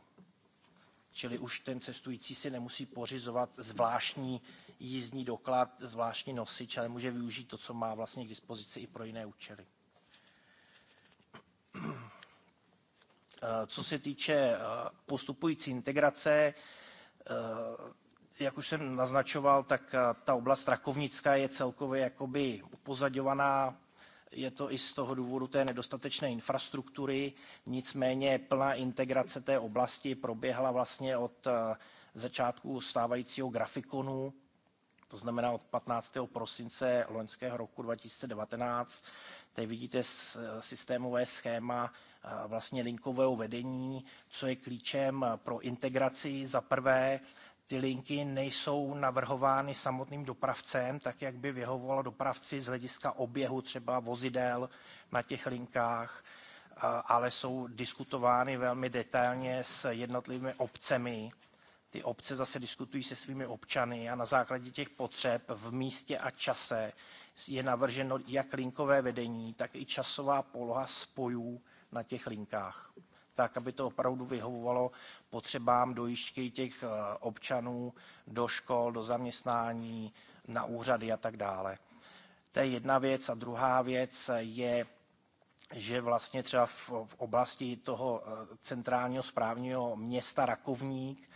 Čili už ten cestující si nemusí pořizovat zvláštní jízdní doklad, zvláštní nosič, ale může využít to, co má vlastně k dispozici i pro jiné účely. Eh, co se týče eh, postupující integrace, eh, jak už jsem naznačoval, tak ta oblast Rakovnická je celkově jakoby upozaďovaná. Je to i z toho důvodu té nedostatečné infrastruktury. Nicméně plná integrace té oblasti proběhla vlastně od začátku stávajícího grafikonu to znamená od 15. prosince loňského roku 2019. Tady vidíte systémové schéma vlastně linkového vedení, co je klíčem pro integraci. Za prvé, ty linky nejsou navrhovány samotným dopravcem, tak jak by vyhovovalo dopravci z hlediska oběhu třeba vozidel na těch linkách, ale jsou diskutovány velmi detailně s jednotlivými obcemi ty obce zase diskutují se svými občany a na základě těch potřeb v místě a čase je navrženo jak linkové vedení, tak i časová poloha spojů na těch linkách, tak aby to opravdu vyhovovalo potřebám dojišťky těch eh, občanů do škol, do zaměstnání, na úřady a tak dále. To je jedna věc. A druhá věc je, že vlastně třeba v oblasti toho eh, centrálního správního města Rakovník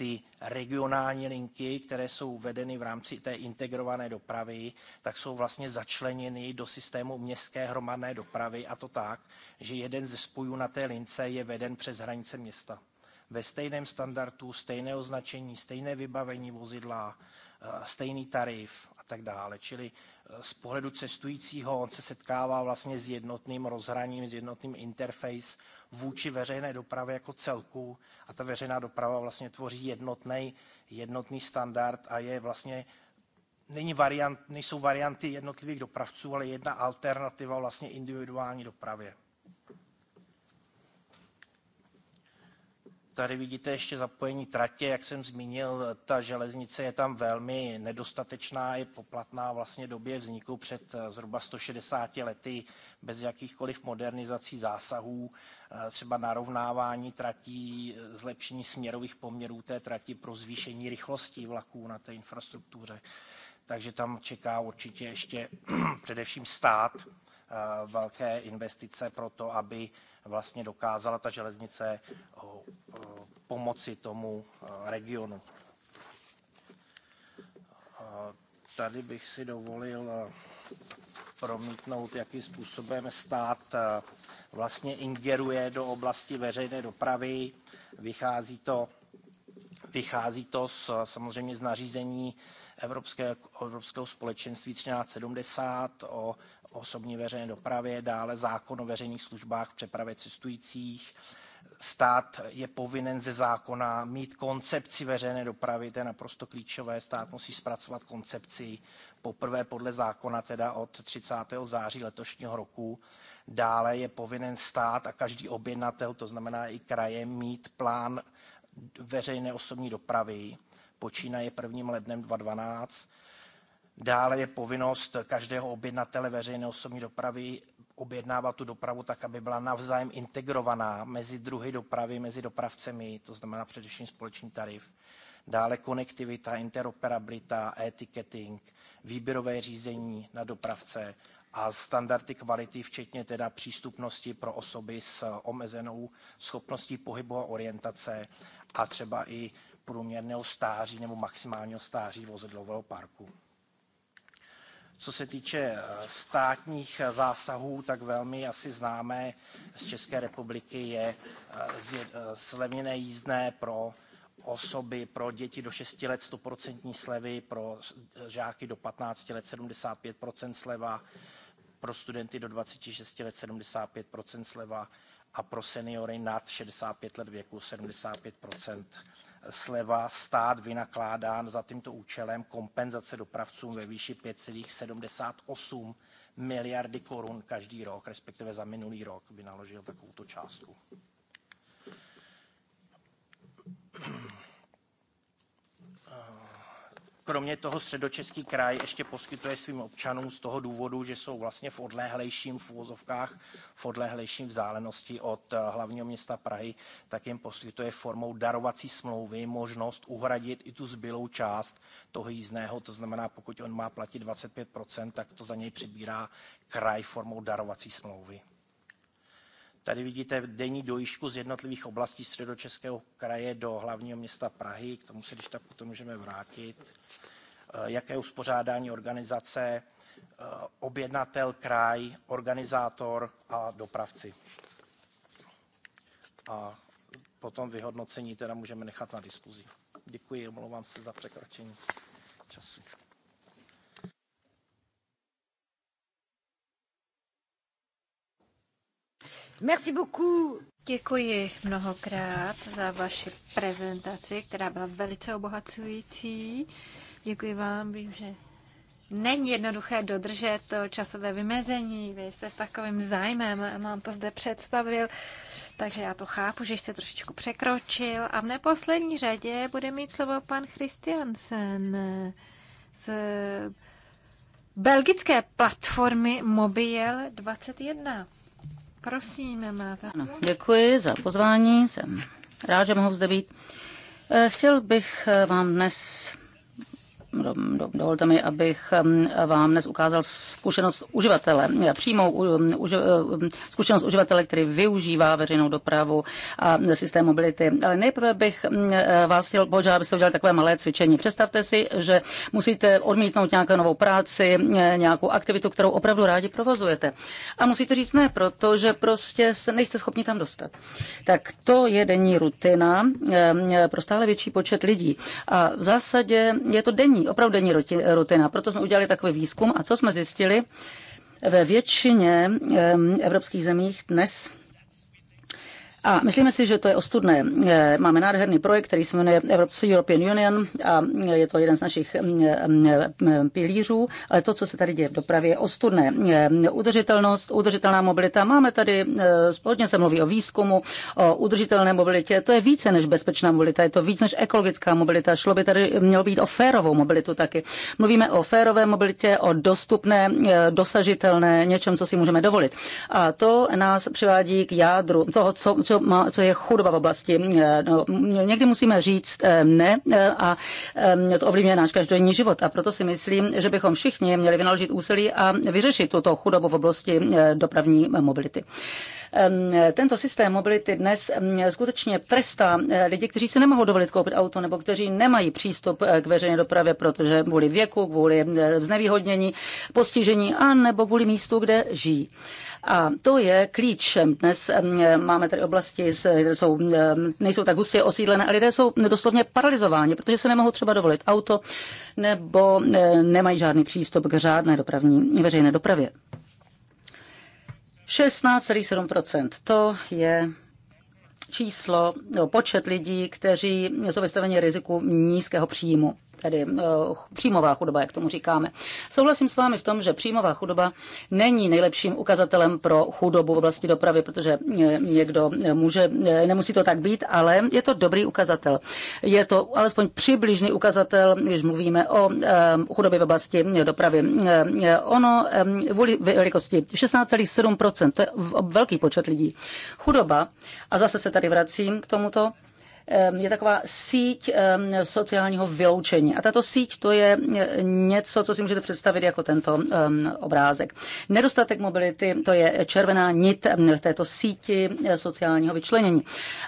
ty regionální linky, které jsou vedeny v rámci té integrované dopravy, tak jsou vlastně začleněny do systému městské hromadné dopravy a to tak, že jeden ze spojů na té lince je veden přes hranice města. Ve stejném standardu, stejné označení, stejné vybavení vozidla, eh, stejný tarif a tak dále. Čili Eh, z pohledu cestujícího on se setkává vlastně s jednotným rozhraním, s jednotným interface vůči veřejné dopravě jako celku a ta veřejná doprava vlastně tvoří jednotný, jednotný standard a je vlastně Není variant, nejsou varianty jednotlivých dopravců, ale jedna alternativa vlastně individuální dopravě. Tady vidíte ještě zapojení tratě, jak jsem zmínil, ta železnice je tam velmi nedostatečná, je poplatná vlastně době vzniku před eh, zhruba 160 lety bez jakýchkoliv modernizací zásahů, eh, třeba narovnávání tratí, eh, zlepšení směrových poměrů té trati pro zvýšení rychlosti vlaků na té infrastruktuře. Takže tam čeká určitě ještě především stát velké investice pro to, aby vlastně dokázala ta železnice eh, pomoci tomu eh, regionu. Eh, tady bych si dovolil promítnout, jakým způsobem stát vlastně ingeruje do oblasti veřejné dopravy. Vychází to, vychází to z, samozřejmě z nařízení Evropské, Evropského společenství 1370 o osobní veřejné dopravě, dále zákon o veřejných službách v přepravě cestujících. Stát je povinen ze zákona mít koncepci veřejné dopravy, to je naprosto klíčové. Stát musí zpracovat koncepci poprvé podle zákona, teda od 30. září letošního roku. Dále je povinen stát a každý objednatel, to znamená i kraje, mít plán veřejné osobní dopravy, počínaje 1. lednem 2012 Dále je povinnost každého objednatele veřejné osobní dopravy objednávat tu dopravu tak, aby byla navzájem integrovaná mezi druhy dopravy, mezi dopravcemi, to znamená především společný tarif. Dále konektivita, interoperabilita, e-ticketing, výběrové řízení na dopravce a standardy kvality, včetně teda přístupnosti pro osoby s omezenou schopností pohybu a orientace a třeba i průměrného stáří nebo maximálního stáří vozidlového parku. Co se týče eh, státních eh, zásahů, tak velmi asi známé z České republiky je eh, zlevněné jízdné pro osoby, pro děti do 6 let 100% slevy, pro žáky do 15 let 75% sleva, pro studenty do 26 let 75% sleva a pro seniory nad 65 let věku 75 sleva stát vynakládán za tímto účelem kompenzace dopravcům ve výši 5,78 miliardy korun každý rok, respektive za minulý rok vynaložil takovouto částku. Kromě toho středočeský kraj ještě poskytuje svým občanům z toho důvodu, že jsou vlastně v odlehlejším v úvozovkách, v odlehlejším vzdálenosti od eh, hlavního města Prahy, tak jim poskytuje formou darovací smlouvy možnost uhradit i tu zbylou část toho jízdného. To znamená, pokud on má platit 25%, tak to za něj přibírá kraj formou darovací smlouvy. Tady vidíte denní dojížďku z jednotlivých oblastí středočeského kraje do hlavního města Prahy, k tomu se když tak potom můžeme vrátit. Eh, jaké uspořádání organizace, eh, objednatel, kraj, organizátor a dopravci. A potom vyhodnocení teda můžeme nechat na diskuzi. Děkuji, omlouvám se za překročení času. Merci beaucoup. Děkuji mnohokrát za vaši prezentaci, která byla velice obohacující. Děkuji vám, vím, že není jednoduché dodržet to časové vymezení. Vy jste s takovým zájmem nám to zde představil, takže já to chápu, že jste trošičku překročil. A v neposlední řadě bude mít slovo pan Christiansen z belgické platformy Mobile 21. Prosím, máte. Ano, děkuji za pozvání, jsem rád, že mohu zde být. Eh, chtěl bych eh, vám dnes dovolte mi, abych vám dnes ukázal zkušenost uživatele, eh, přímou um, uži, eh, um, zkušenost uživatele, který využívá veřejnou dopravu a systém mobility. Ale nejprve bych eh, vás chtěl požádat, abyste udělali takové malé cvičení. Představte si, že musíte odmítnout nějakou novou práci, nějakou aktivitu, kterou opravdu rádi provozujete. A musíte říct ne, protože prostě nejste schopni tam dostat. Tak to je denní rutina pro stále větší počet lidí. A v zásadě je to denní denní, opravdu denní rutina. Proto jsme udělali takový výzkum a co jsme zjistili, ve většině evropských zemích dnes a myslíme si, že to je ostudné. Eh, máme nádherný projekt, který se jmenuje European Union a eh, je to jeden z našich mm, eh, mm, pilířů, ale to, co se tady děje v dopravě, je ostudné. Udržitelnost, udržitelná mobilita. Máme tady, společně se mluví o výzkumu, o udržitelné mobilitě. To je více než bezpečná mobilita, je to víc než ekologická mobilita. Šlo by tady, mělo být o férovou mobilitu taky. Mluvíme o férové mobilitě, o dostupné, dosažitelné, něčem, co si můžeme dovolit. A to nás přivádí k jádru toho, co, co, má, co je chudoba v oblasti. Eh, no, někdy musíme říct eh, ne eh, a to ovlivňuje náš každodenní život. A proto si myslím, že bychom všichni měli vynaložit úsilí a vyřešit tuto chudobu v oblasti dopravní mobility. Ehm, tento systém mobility dnes ehm, skutečně trestá lidi, kteří si nemohou dovolit koupit auto nebo kteří nemají přístup k veřejné dopravě, protože kvůli věku, kvůli znevýhodnění, postižení a nebo kvůli místu, kde žijí. A to je klíč. Dnes máme tady oblasti, které jsou, nejsou tak hustě osídlené a lidé jsou doslovně paralizováni, protože se nemohou třeba dovolit auto nebo e, nemají žádný přístup k řádné dopravní, veřejné dopravě. 16,7 to je číslo, no, počet lidí, kteří jsou vystaveni riziku nízkého příjmu tedy eh, příjmová chudoba, jak tomu říkáme. Souhlasím s vámi v tom, že příjmová chudoba není nejlepším ukazatelem pro chudobu v oblasti dopravy, protože eh, někdo eh, může, nemusí to tak být, ale je to dobrý ukazatel. Je to alespoň přibližný ukazatel, když mluvíme o chudobě v oblasti dopravy. Ono vůli velikosti 16,7%, to je velký počet lidí. Chudoba, a zase se tady vracím k tomuto, Ehm, je taková síť ehm, sociálního vyloučení. A tato síť to je eh, něco, co si můžete představit jako tento ehm, obrázek. Nedostatek mobility to je červená nit v této síti eh, sociálního vyčlenění.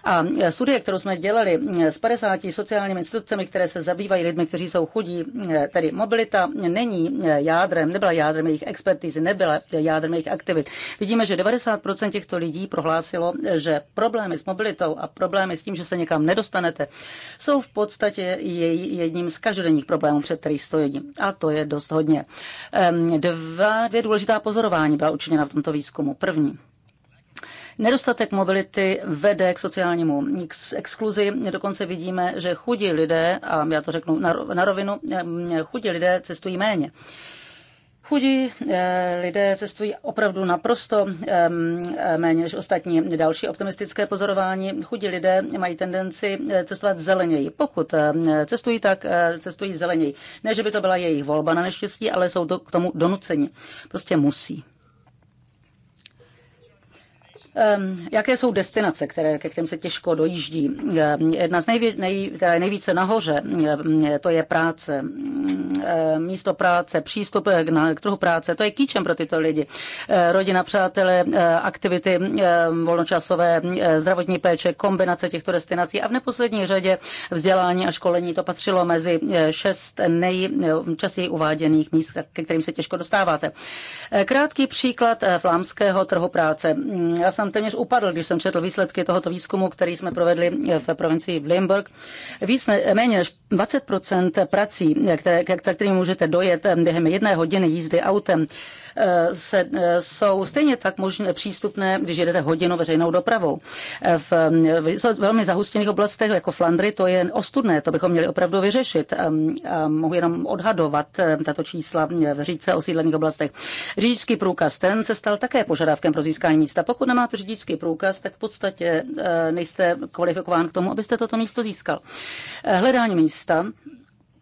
A eh, studie, kterou jsme dělali s 50 sociálními institucemi, které se zabývají lidmi, kteří jsou chudí, tedy mobilita není jádrem, nebyla jádrem jejich expertízy, nebyla jádrem jejich aktivit. Vidíme, že 90% těchto lidí prohlásilo, že problémy s mobilitou a problémy s tím, že se někam nedostanete, jsou v podstatě jedním z každodenních problémů, před který stojí. A to je dost hodně. Dva, dvě důležitá pozorování byla učiněna v tomto výzkumu. První. Nedostatek mobility vede k sociálnímu k exkluzi. Dokonce vidíme, že chudí lidé, a já to řeknu na rovinu, chudí lidé cestují méně. Chudí eh, lidé cestují opravdu naprosto méně než ostatní. Další optimistické pozorování. Chudí lidé mají tendenci eh, cestovat zeleněji. Pokud eh, cestují, tak cestují zeleněji. Ne, že by to byla jejich volba na neštěstí, ale jsou to k tomu donuceni. Prostě musí. Jaké jsou destinace, které, ke kterým se těžko dojíždí? Jedna z nejvě, nej, která je nejvíce nahoře, to je práce. Místo práce, přístup k trhu práce, to je kýčem pro tyto lidi. Rodina, přátelé, aktivity volnočasové, zdravotní péče, kombinace těchto destinací a v neposlední řadě vzdělání a školení. To patřilo mezi e, šest nejčastěji e, uváděných míst, ke kterým se těžko dostáváte. E, krátký příklad flámského trhu práce. Já jsem jsem téměř upadl, když jsem četl výsledky tohoto výzkumu, který jsme provedli eh, v provincii v Limburg. Víc ne, méně než 20 prací, eh, které, které, které můžete dojet eh, během jedné hodiny jízdy autem, Eh, se, eh, jsou stejně tak možné přístupné, když jedete hodinu veřejnou dopravou. Eh, v, v velmi zahustěných oblastech, jako Flandry, to je ostudné, to bychom měli opravdu vyřešit. A mohu jenom odhadovat tato čísla v řídce osídlených oblastech. Řidičský průkaz, ten se stal také požadavkem pro získání místa. Pokud nemáte řidičský průkaz, tak v podstatě nejste kvalifikován k tomu, abyste toto místo získal. Hledání místa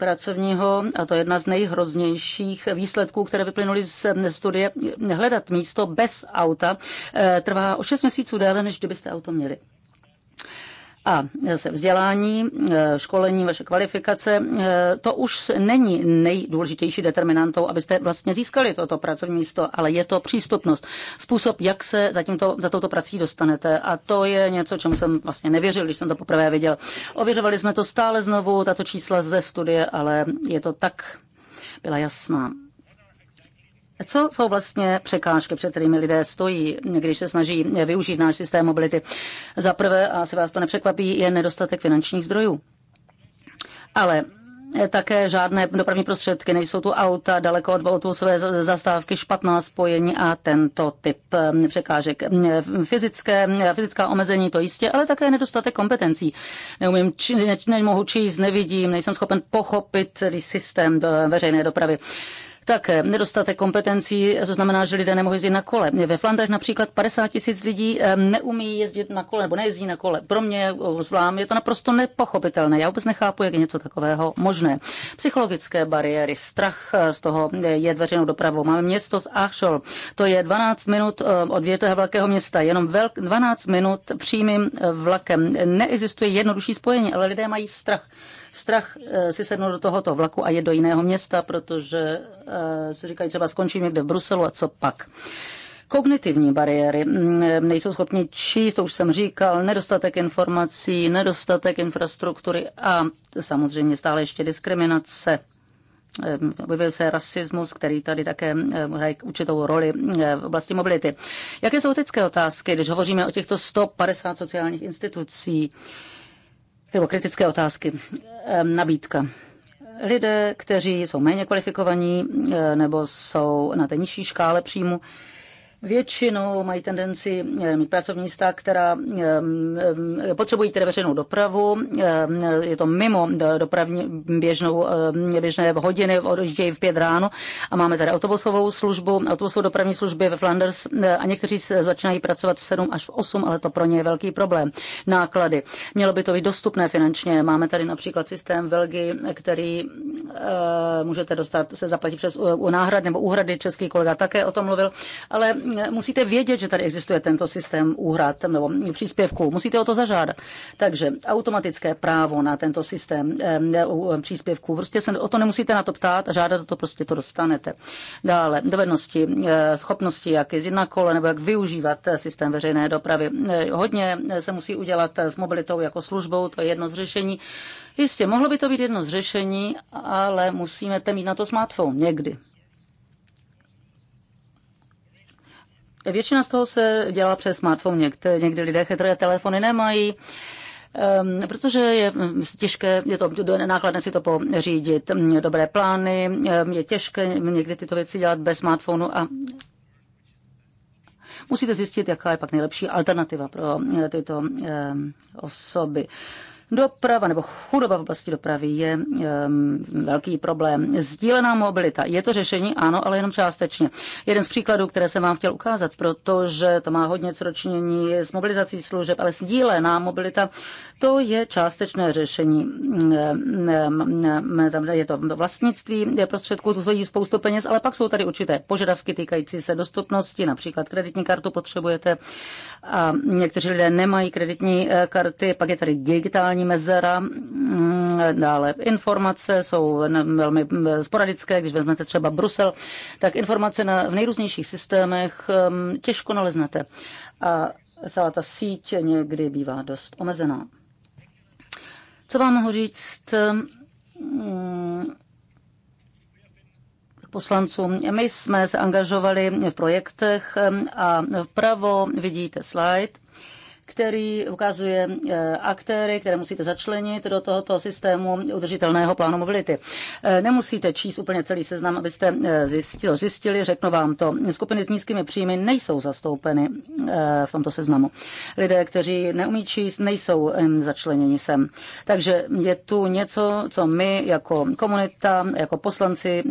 pracovního, a to je jedna z nejhroznějších výsledků, které vyplynuly z studie, hledat místo bez auta e, trvá o 6 měsíců déle, než kdybyste auto měli a se vzdělání, eh, školení, vaše kvalifikace, eh, to už není nejdůležitější determinantou, abyste vlastně získali toto pracovní místo, ale je to přístupnost, způsob, jak se za, tímto, za touto prací dostanete. A to je něco, čemu jsem vlastně nevěřil, když jsem to poprvé viděl. Ověřovali jsme to stále znovu, tato čísla ze studie, ale je to tak, byla jasná. Co jsou vlastně překážky, před kterými lidé stojí, když se snaží využít náš systém mobility? Za prvé, a asi vás to nepřekvapí, je nedostatek finančních zdrojů. Ale také žádné dopravní prostředky, nejsou tu auta, daleko od autobusové zastávky, špatná spojení a tento typ hm, překážek. Hm, fyzické, fyzická omezení to jistě, ale také nedostatek kompetencí. Neumím, či, ne, nemohu číst, nevidím, nejsem schopen pochopit eh, systém do eh, veřejné dopravy. Také nedostatek kompetencí, to znamená, že lidé nemohou jezdit na kole. Ve Flandrech například 50 tisíc lidí neumí jezdit na kole nebo nejezdí na kole. Pro mě zvlám je to naprosto nepochopitelné. Já vůbec nechápu, jak je něco takového možné. Psychologické bariéry, strach eh, z toho je veřejnou dopravou. Máme město z Aschol. To je 12 minut eh, od větého velkého města. Jenom 12 minut přímým eh, vlakem. Neexistuje jednodušší spojení, ale lidé mají strach strach eh, si sednout do tohoto vlaku a je do jiného města, protože eh, si říkají, třeba skončím někde v Bruselu a co pak kognitivní bariéry. Mm, nejsou schopni číst, to už jsem říkal, nedostatek informací, nedostatek infrastruktury a samozřejmě stále ještě diskriminace. Eh, objevil se rasismus, který tady také hraje určitou roli v oblasti mobility. Jaké jsou etické otázky, když hovoříme o těchto 150 sociálních institucí? nebo kritické otázky. Nabídka lidé, kteří jsou méně kvalifikovaní eh, nebo jsou na té nižší škále příjmu, Většinou mají tendenci eh, mít pracovní místa, která eh, eh, potřebují tedy veřejnou dopravu, je to mimo dopravní běžnou, běžné hodiny, odjíždějí v pět ráno a máme tady autobusovou službu, autobusovou dopravní služby ve Flanders a někteří začínají pracovat v 7 až v 8, ale to pro ně je velký problém. Náklady. Mělo by to být dostupné finančně. Máme tady například systém v Belgii, který můžete dostat, se zaplatit přes u náhrad nebo úhrady, český kolega také o tom mluvil, ale musíte vědět, že tady existuje tento systém úhrad nebo příspěvků. Musíte o to zažádat. Takže automatické právo na tento systém příspěvků. Prostě se o to nemusíte na to ptát a žádat o to prostě to dostanete. Dále dovednosti, eh, schopnosti, jak jezdit na kole nebo jak využívat eh, systém veřejné dopravy. Eh, hodně se musí udělat s mobilitou jako službou, to je jedno z řešení. Jistě, mohlo by to být jedno z řešení, ale musíme mít na to smartphone někdy. Většina z toho se dělá přes smartphone. Někde, někdy lidé chytré telefony nemají ehm, protože je mm, těžké, je to nákladné si to pořídit, mm, dobré plány, ehm, je těžké někdy tyto věci dělat bez smartphonu a musíte zjistit, jaká je pak nejlepší alternativa pro eh, tyto ehm, osoby. Doprava nebo chudoba v oblasti dopravy je um, velký problém. Sdílená mobilita je to řešení, ano, ale jenom částečně. Jeden z příkladů, které jsem vám chtěl ukázat, protože to má hodně sročnění s mobilizací služeb, ale sdílená mobilita, to je částečné řešení. je to vlastnictví je prostředků, to stojí spoustu peněz, ale pak jsou tady určité požadavky týkající se dostupnosti, například kreditní kartu potřebujete a někteří lidé nemají kreditní eh, karty, pak je tady digitální sociální mezera, mm, dále informace jsou velmi sporadické, když vezmete třeba Brusel, tak informace na, v nejrůznějších systémech mm, těžko naleznete. A celá ta síť někdy bývá dost omezená. Co vám mohu říct? Mm, poslancům. My jsme se angažovali v projektech a vpravo vidíte slide který ukazuje eh, aktéry, které musíte začlenit do tohoto systému udržitelného plánu mobility. Eh, nemusíte číst úplně celý seznam, abyste eh, zjistili, zjistili řeknu vám to, skupiny s nízkými příjmy nejsou zastoupeny v tomto seznamu. Lidé, kteří neumí číst, nejsou začleněni sem. Takže je tu něco, co my jako komunita, jako poslanci,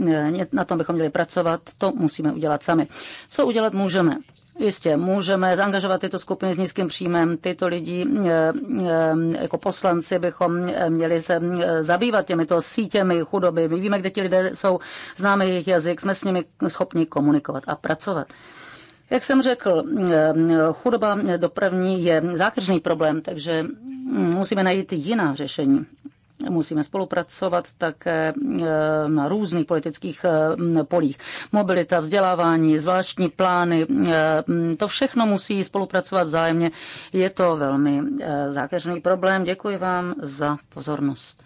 na tom bychom měli pracovat, to musíme udělat sami. Co udělat můžeme? Jistě, můžeme zaangažovat tyto skupiny s nízkým příjmem, tyto lidi eh, eh, jako poslanci bychom eh, měli se zabývat těmito sítěmi chudoby. My víme, kde ti lidé jsou, známe jejich jazyk, jsme s nimi schopni komunikovat a pracovat. Jak jsem řekl, chudoba dopravní je zákeřný problém, takže mm, musíme najít jiná řešení. Musíme spolupracovat také eh, na různých politických eh, polích. Mobilita, vzdělávání, zvláštní plány, eh, mm, to všechno musí spolupracovat vzájemně. Je to velmi zákeřný problém. Děkuji vám za pozornost.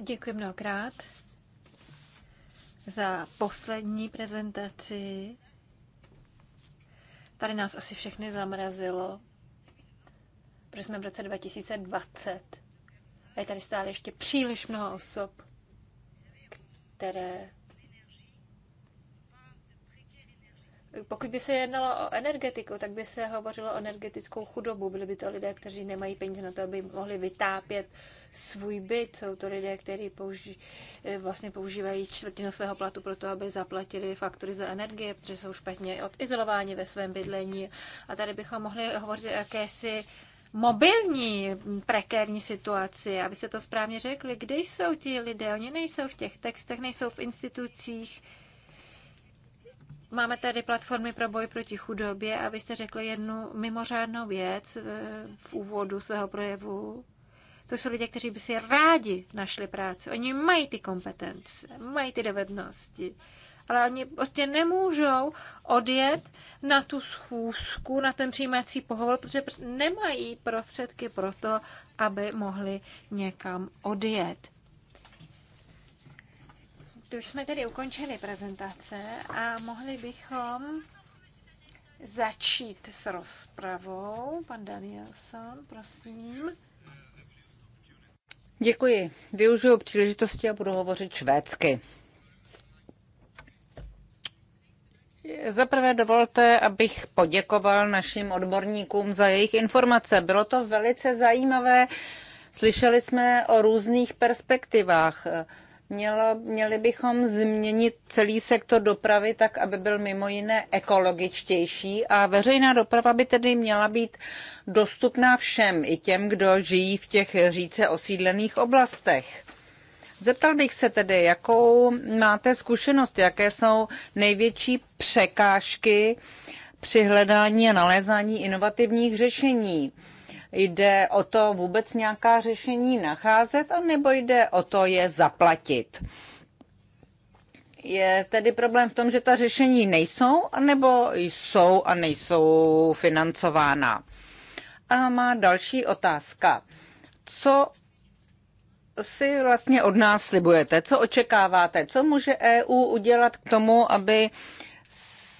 Děkuji mnohokrát za poslední prezentaci. Tady nás asi všechny zamrazilo protože jsme v roce 2020. A je tady stále ještě příliš mnoho osob, které Pokud by se jednalo o energetiku, tak by se hovořilo o energetickou chudobu. Byli by to lidé, kteří nemají peníze na to, aby mohli vytápět svůj byt. Jsou to lidé, kteří použi- vlastně používají čtvrtinu svého platu pro to, aby zaplatili faktury za energie, protože jsou špatně odizolováni ve svém bydlení. A tady bychom mohli hovořit o jakési mobilní mm, prekérní situaci, aby se to správně řekli. Kde jsou ti lidé? Oni nejsou v těch textech, nejsou v institucích. Máme tady platformy pro boj proti chudobě a vy jste řekli jednu mimořádnou věc eh, v úvodu svého projevu. To jsou lidé, kteří by si rádi našli práci. Oni mají ty kompetence, mají ty dovednosti ale oni prostě nemůžou odjet na tu schůzku, na ten přijímací pohovor, protože nemají prostředky pro to, aby mohli někam odjet. Tu jsme tedy ukončili prezentace a mohli bychom začít s rozpravou. Pan Danielson, prosím. Děkuji. Využiju příležitosti a budu hovořit švédsky. Za prvé, dovolte, abych poděkoval našim odborníkům za jejich informace. Bylo to velice zajímavé. Slyšeli jsme o různých perspektivách. Mělo, měli bychom změnit celý sektor dopravy tak, aby byl mimo jiné ekologičtější a veřejná doprava by tedy měla být dostupná všem, i těm, kdo žijí v těch říce osídlených oblastech. Zeptal bych se tedy, jakou máte zkušenost, jaké jsou největší překážky při hledání a nalézání inovativních řešení. Jde o to vůbec nějaká řešení nacházet, anebo jde o to je zaplatit? Je tedy problém v tom, že ta řešení nejsou, anebo jsou a nejsou financována? A má další otázka. Co si vlastně od nás slibujete? Co očekáváte? Co může EU udělat k tomu, aby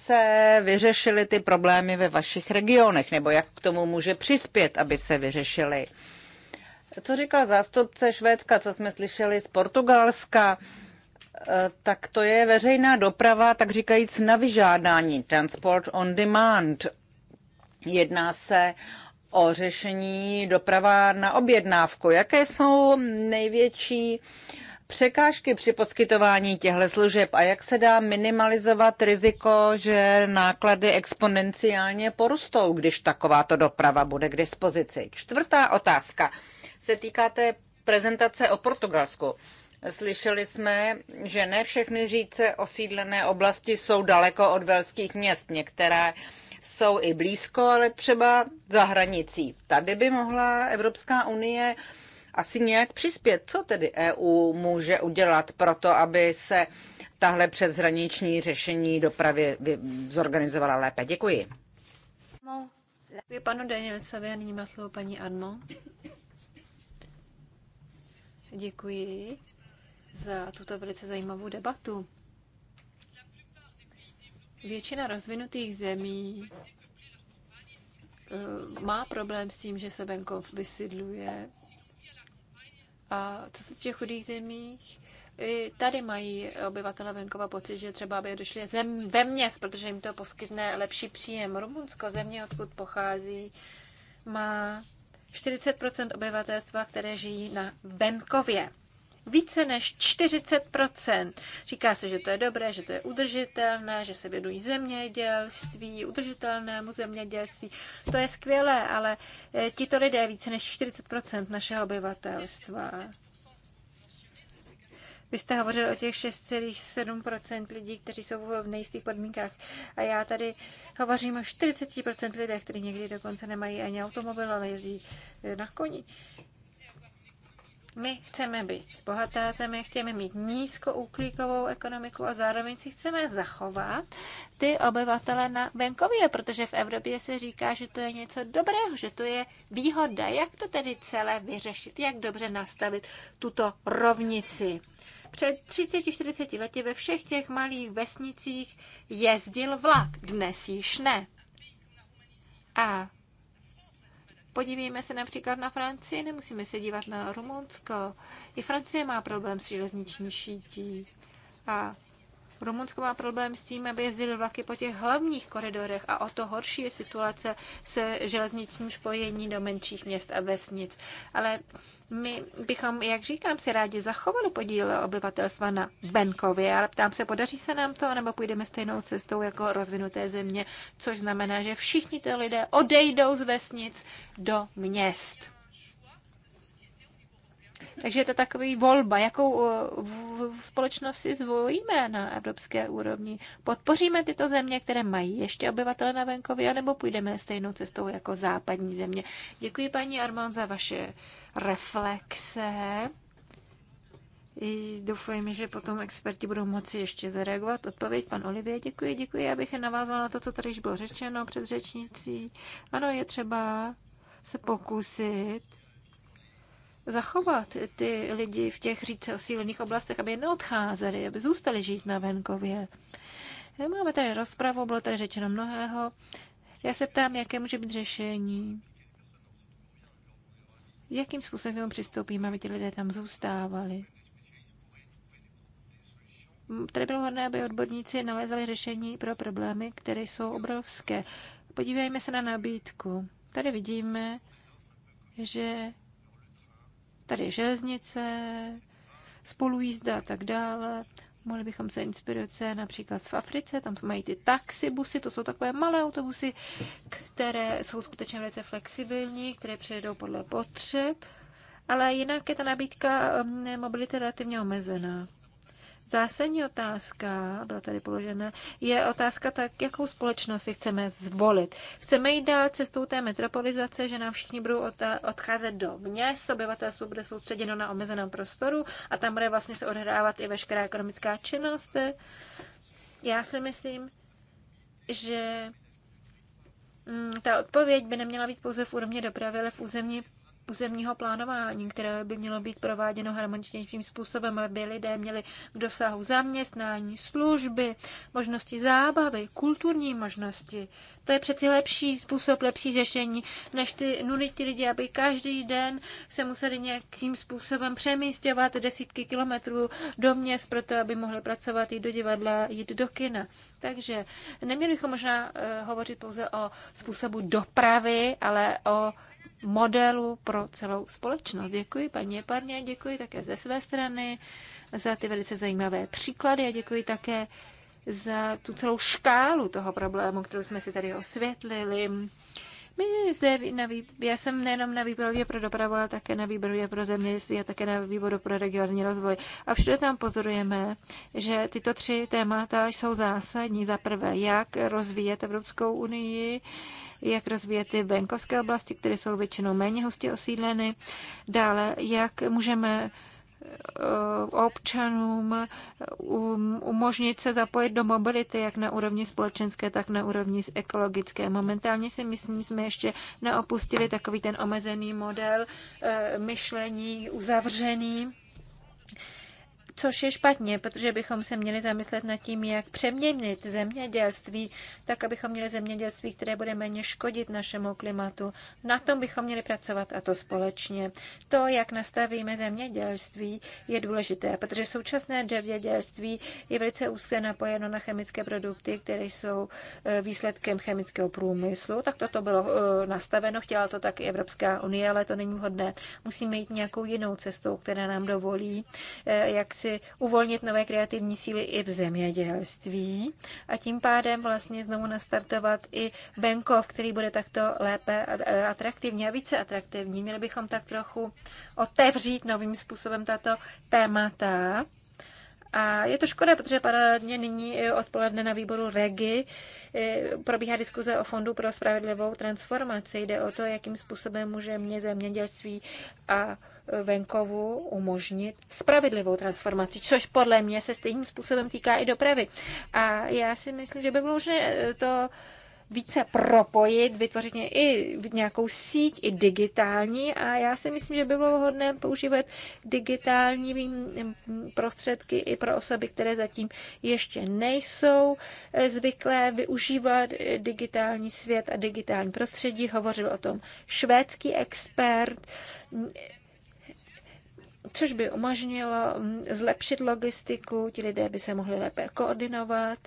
se vyřešily ty problémy ve vašich regionech, nebo jak k tomu může přispět, aby se vyřešily? Co říkal zástupce Švédska, co jsme slyšeli z Portugalska, e, tak to je veřejná doprava, tak říkajíc na vyžádání, transport on demand. Jedná se o řešení doprava na objednávku. Jaké jsou největší překážky při poskytování těchto služeb a jak se dá minimalizovat riziko, že náklady exponenciálně porostou, když takováto doprava bude k dispozici? Čtvrtá otázka se týká té prezentace o Portugalsku. Slyšeli jsme, že ne všechny říce osídlené oblasti jsou daleko od velských měst. Některé jsou i blízko, ale třeba za hranicí. Tady by mohla Evropská unie asi nějak přispět. Co tedy EU může udělat pro to, aby se tahle přeshraniční řešení dopravy zorganizovala lépe? Děkuji. No, děkuji panu Danielsovi a nyní má slovo paní Admo. Děkuji za tuto velice zajímavou debatu. Většina rozvinutých zemí eh, má problém s tím, že se venkov vysidluje. A co se týče chudých zemích, tady mají obyvatele venkova pocit, že třeba by došli zem, ve měst, protože jim to poskytne lepší příjem. Rumunsko, země, odkud pochází, má 40 obyvatelstva, které žijí na venkově více než 40%. Říká se, že to je dobré, že to je udržitelné, že se věnují zemědělství, udržitelnému zemědělství. To je skvělé, ale e, tito lidé více než 40% našeho obyvatelstva. Vy jste hovořil o těch 6,7% lidí, kteří jsou v nejistých podmínkách. A já tady hovořím o 40% lidí, kteří někdy dokonce nemají ani automobil, ale jezdí e, na koni. Uh, my chceme být bohatá země, chceme mít nízkouklíkovou ekonomiku a zároveň si chceme zachovat ty obyvatele na venkově, protože v Evropě se říká, že to je něco dobrého, že to je výhoda. Jak to tedy celé vyřešit? Jak dobře nastavit tuto rovnici? Před 30-40 lety ve všech těch malých vesnicích jezdil vlak, dnes již ne. A Podívejme se například na Francii, nemusíme se dívat na Rumunsko. I Francie má problém s železniční šítí. A Rumunsko má problém s tím, aby jezdili vlaky po těch hlavních koridorech a o to horší je situace se železničním spojení do menších měst a vesnic. Ale my bychom, jak říkám, si rádi zachovali podíl obyvatelstva na Benkově, ale ptám se, podaří se nám to, nebo půjdeme stejnou cestou jako rozvinuté země, což znamená, že všichni ty lidé odejdou z vesnic do měst. Takže je to takový volba, jakou eh, v společnosti zvolíme na evropské úrovni. Podpoříme tyto země, které mají ještě obyvatele na venkově, anebo půjdeme stejnou cestou jako západní země. Děkuji paní Armon za vaše reflexe. Doufejme, že potom experti budou moci ještě zareagovat. Odpověď pan Olivě, děkuji, děkuji, abych navázala na to, co tady již bylo řečeno před řečnicí. Ano, je třeba se pokusit zachovat ty lidi v těch říce osílených oblastech, aby neodcházeli, aby zůstali žít na venkově. Máme tady rozpravu, bylo tady řečeno mnohého. Já se ptám, jaké může být řešení. Jakým způsobem k tomu přistoupíme, aby ti lidé tam zůstávali? Tady bylo hodné, aby odborníci nalezali řešení pro problémy, které jsou obrovské. Podívejme se na nabídku. Tady vidíme, že tady železnice, spolujízda a tak dále. Mohli bychom se se například v Africe, tam mají ty taxibusy, to jsou takové malé autobusy, které jsou skutečně velice flexibilní, které přejedou podle potřeb, ale jinak je ta nabídka mm, mobility relativně omezená. Zásadní otázka, byla tady položena, je otázka tak, jakou společnost si chceme zvolit. Chceme jít dál cestou té metropolizace, že nám všichni budou odcházet do měst, obyvatelstvo bude soustředěno na omezeném prostoru a tam bude vlastně se odhrávat i veškerá ekonomická činnost. Já si myslím, že mm, ta odpověď by neměla být pouze v úrovni dopravy, ale v územní územního plánování, které by mělo být prováděno harmoničnějším způsobem, aby lidé měli k dosahu zaměstnání, služby, možnosti zábavy, kulturní možnosti. To je přeci lepší způsob, lepší řešení, než ty nulit ty lidi, aby každý den se museli nějakým způsobem přemístěvat desítky kilometrů do měst, proto aby mohli pracovat, jít do divadla, jít do kina. Takže neměli bychom možná eh, hovořit pouze o způsobu dopravy, ale o modelu pro celou společnost. Děkuji paní Parně, děkuji také ze své strany za ty velice zajímavé příklady a děkuji také za tu celou škálu toho problému, kterou jsme si tady osvětlili. My zde na výb- já jsem nejenom na výboru pro dopravu, ale také na výboru pro zemědělství a také na výboru pro regionální rozvoj. A všude tam pozorujeme, že tyto tři témata jsou zásadní. Za prvé, jak rozvíjet Evropskou unii, jak rozvíjet ty venkovské oblasti, které jsou většinou méně hustě osídleny, dále, jak můžeme eh, občanům um, umožnit se zapojit do mobility, jak na úrovni společenské, tak na úrovni ekologické. Momentálně si myslím, jsme ještě neopustili takový ten omezený model eh, myšlení uzavřený což je špatně, protože bychom se měli zamyslet nad tím, jak přeměnit zemědělství, tak abychom měli zemědělství, které bude méně škodit našemu klimatu. Na tom bychom měli pracovat a to společně. To, jak nastavíme zemědělství, je důležité, protože současné zemědělství je velice úzké napojeno na chemické produkty, které jsou eh, výsledkem chemického průmyslu. Tak toto bylo eh, nastaveno, chtěla to tak i Evropská unie, ale to není vhodné. Musíme jít nějakou jinou cestou, která nám dovolí, eh, jak moci uvolnit nové kreativní síly i v zemědělství a tím pádem vlastně znovu nastartovat i venkov, který bude takto lépe eh, atraktivní a více atraktivní. Měli bychom tak trochu otevřít novým způsobem tato témata a je to škoda, protože paralelně nyní odpoledne na výboru REGI e, probíhá diskuze o Fondu pro spravedlivou transformaci. Jde o to, jakým způsobem může mě zemědělství a venkovu umožnit spravedlivou transformaci, což podle mě se stejným způsobem týká i dopravy. A já si myslím, že by bylo možné to více propojit, vytvořit i nějakou síť, i digitální a já si myslím, že by bylo hodné používat digitální prostředky i pro osoby, které zatím ještě nejsou eh, zvyklé využívat eh, digitální svět a digitální prostředí. Hovořil o tom švédský expert, mm, což by umožnilo mm, zlepšit logistiku, ti lidé by se mohli lépe koordinovat.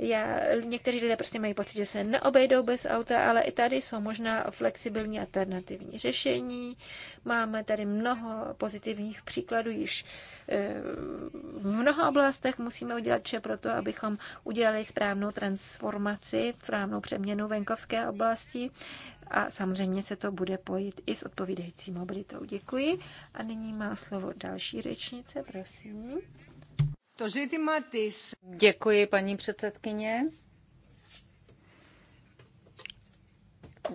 Já, někteří lidé prostě mají pocit, že se neobejdou bez auta, ale i tady jsou možná flexibilní alternativní řešení. Máme tady mnoho pozitivních příkladů již eh, v mnoha oblastech. Musíme udělat vše pro to, abychom udělali správnou transformaci, správnou přeměnu venkovské oblasti a samozřejmě se to bude pojit i s odpovídající mobilitou. Děkuji. A nyní má slovo další řečnice, prosím. Děkuji, paní předsedkyně.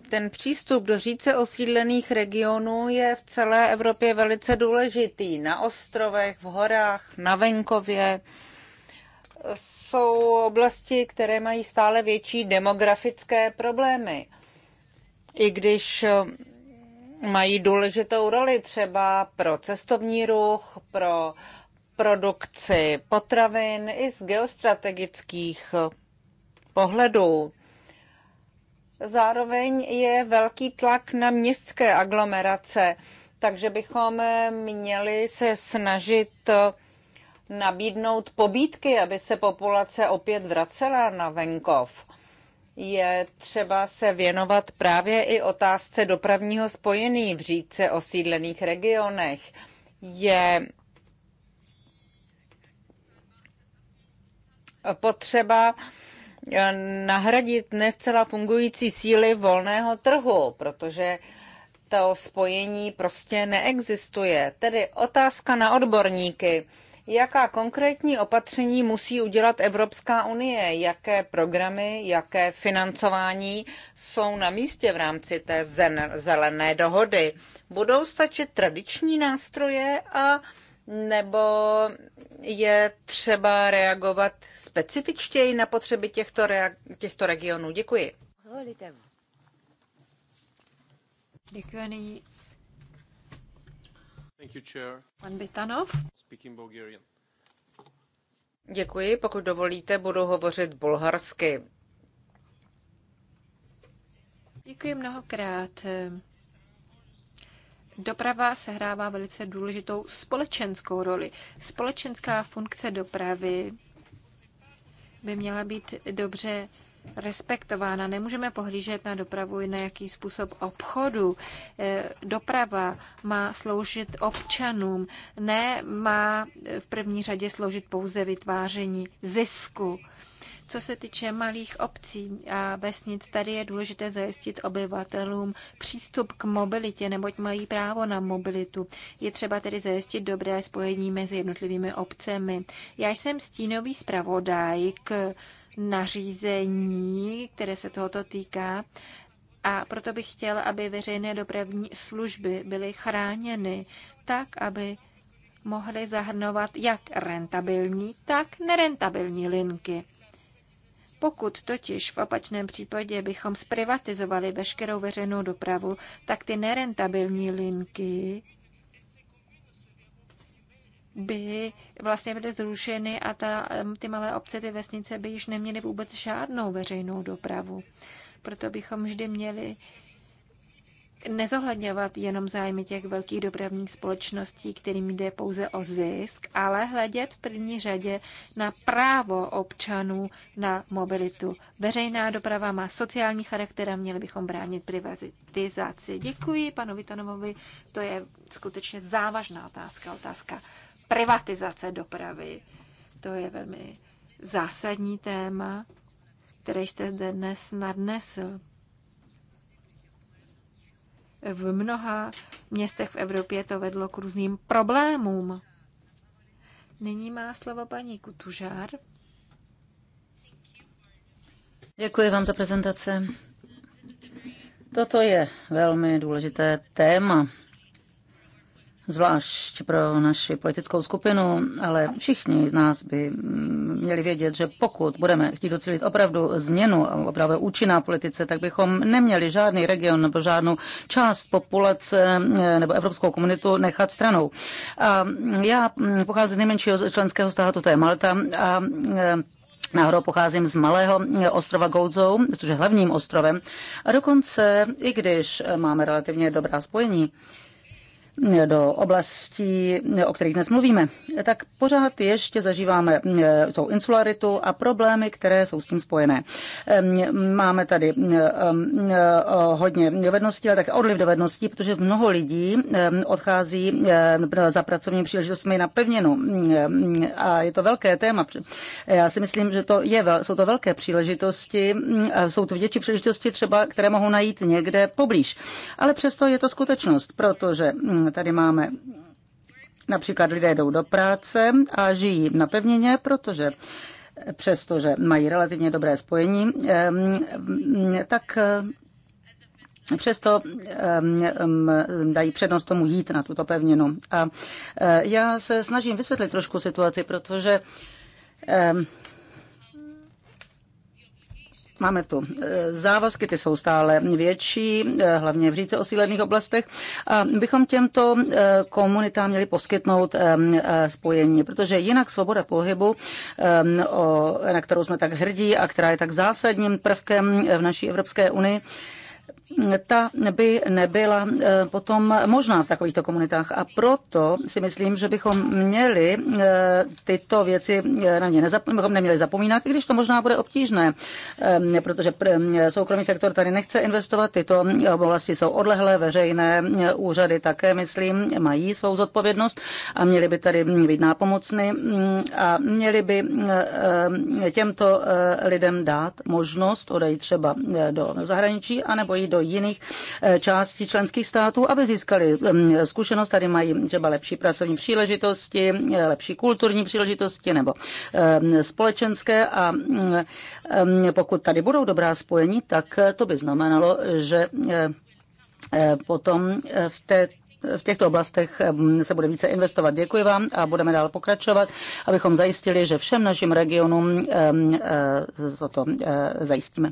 Ten přístup do říce osídlených regionů je v celé Evropě velice důležitý. Na ostrovech, v horách, na venkově jsou oblasti, které mají stále větší demografické problémy. I když mají důležitou roli třeba pro cestovní ruch, pro uh, produkci potravin i z geostrategických pohledů. Zároveň je velký tlak na městské aglomerace, takže bychom měli se snažit nabídnout pobídky, aby se populace opět vracela na venkov. Je třeba se věnovat právě i otázce dopravního spojení v řídce osídlených regionech. Je potřeba eh, nahradit nescela fungující síly volného trhu, protože to spojení prostě neexistuje. Tedy otázka na odborníky. Jaká konkrétní opatření musí udělat Evropská unie? Jaké programy, jaké financování jsou na místě v rámci té zelené dohody? Budou stačit tradiční nástroje a nebo je třeba reagovat specifičtěji na potřeby těchto, rea- těchto regionů? Děkuji. Děkuji Thank you, chair. Pan Bitanov. Speaking Bulgarian. Děkuji, pokud dovolíte, budu hovořit bulharsky. Děkuji mnohokrát. Doprava sehrává velice důležitou společenskou roli. Společenská funkce dopravy by měla být dobře respektována. Nemůžeme pohlížet na dopravu i na jaký způsob obchodu. Eh, doprava má sloužit občanům, ne má v první řadě sloužit pouze vytváření zisku. Co se týče malých obcí a vesnic, tady je důležité zajistit obyvatelům přístup k mobilitě, neboť mají právo na mobilitu. Je třeba tedy zajistit dobré spojení mezi jednotlivými obcemi. Já jsem stínový zpravodaj k nařízení, které se tohoto týká, a proto bych chtěla, aby veřejné dopravní služby byly chráněny tak, aby mohly zahrnovat jak rentabilní, tak nerentabilní linky. Pokud totiž v opačném případě bychom zprivatizovali veškerou veřejnou dopravu, tak ty nerentabilní linky by vlastně byly zrušeny a ta, ty malé obce, ty vesnice by již neměly vůbec žádnou veřejnou dopravu. Proto bychom vždy měli nezohledňovat jenom zájmy těch velkých dopravních společností, kterým jde pouze o zisk, ale hledět v první řadě na právo občanů na mobilitu. Veřejná doprava má sociální charakter a měli bychom bránit privatizaci. Děkuji panu Vitanovovi, to je skutečně závažná otázka, otázka privatizace dopravy. To je velmi zásadní téma, které jste zde dnes nadnesl v mnoha městech v Evropě to vedlo k různým problémům. Nyní má slovo paní Kutužár. Děkuji vám za prezentace. Toto je velmi důležité téma zvlášť pro naši politickou skupinu, ale všichni z nás by měli vědět, že pokud budeme chtít docílit opravdu změnu a opravdu účinná politice, tak bychom neměli žádný region nebo žádnou část populace eh, nebo evropskou komunitu nechat stranou. A já pocházím z nejmenšího členského státu, to je Malta, a eh, Náhodou pocházím z malého eh, ostrova Goldzou, což je hlavním ostrovem. A dokonce, i když máme relativně dobrá spojení, do oblastí, o kterých dnes mluvíme, tak pořád ještě zažíváme eh, jsou insularitu a problémy, které jsou s tím spojené. Ehm, máme tady ehm, eh, hodně dovedností, ale také odliv dovedností, protože mnoho lidí ehm, odchází za pracovními příležitostmi na pevninu. A je to velké téma. Já si myslím, že to je, jsou to velké příležitosti, jsou to větší příležitosti třeba, které mohou najít někde poblíž. Ale přesto je to skutečnost, protože Tady máme například lidé jdou do práce a žijí na pevnině, protože přestože mají relativně dobré spojení, tak eh, Přesto dají přednost tomu jít na tuto pevninu. A eh, já se snažím vysvětlit trošku situaci, protože Máme tu e, závazky, ty jsou stále větší, e, hlavně v říce osídlených oblastech. A bychom těmto e, komunitám měli poskytnout spojení, protože jinak svoboda pohybu, na kterou jsme tak hrdí a která je tak zásadním prvkem v naší Evropské unii, ta by nebyla eh, potom možná v takovýchto komunitách. A proto si myslím, že bychom měli eh, tyto věci eh, na ně nezapom- bychom neměli zapomínat, i když to možná bude obtížné, protože soukromý sektor tady nechce investovat, tyto oblasti jsou odlehlé, veřejné úřady také, myslím, mají svou zodpovědnost a měli by tady mm, být nápomocny mm, a měli by těmto lidem dát možnost odejít třeba do zahraničí anebo jít do jiných eh, částí členských států, aby získali mm, zkušenost. Tady mají třeba lepší pracovní příležitosti, eh, lepší kulturní příležitosti nebo ehm, společenské a mm, ehm, pokud tady budou dobrá spojení, tak eh, to by znamenalo, že potom v té v těchto oblastech mm, se bude více investovat. Děkuji vám a budeme dál pokračovat, abychom zajistili, že všem našim regionům ehm, toto zajistíme.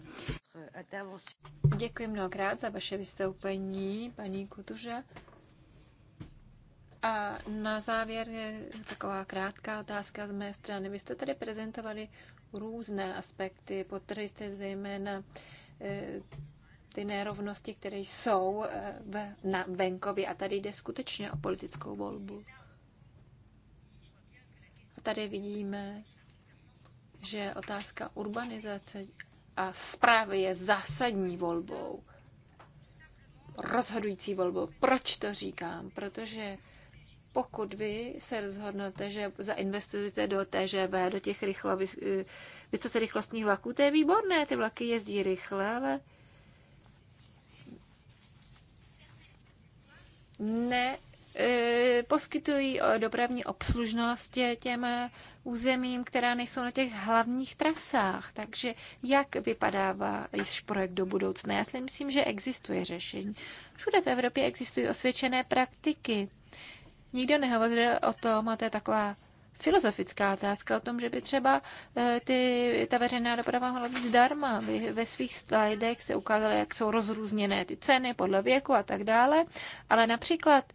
Děkuji mnohokrát za vaše vystoupení, paní Kutuže. A na závěr je taková krátká otázka z mé strany. Vy jste tady prezentovali různé aspekty, potrhli jste zejména eh, ty nerovnosti, které jsou eh, na venkově. A tady jde skutečně o politickou volbu. A tady vidíme, že otázka urbanizace a zprávy je zásadní volbou. Rozhodující volbou. Proč to říkám? Protože pokud vy se rozhodnete, že zainvestujete do TŽV, do těch rychlo, eh, vysoce rychlostních vlaků, to je výborné, ty vlaky jezdí rychle, ale ne E, poskytují dopravní obslužnost těm územím, která nejsou na těch hlavních trasách. Takže jak vypadá již projekt do budoucna? Já si myslím, že existuje řešení. Všude v Evropě existují osvědčené praktiky. Nikdo nehovořil o tom, a to je taková filozofická otázka o tom, že by třeba e, ty, ta veřejná doprava mohla být zdarma. Vy ve svých slidech se ukázalo, jak jsou rozrůzněné ty ceny podle věku a tak dále, ale například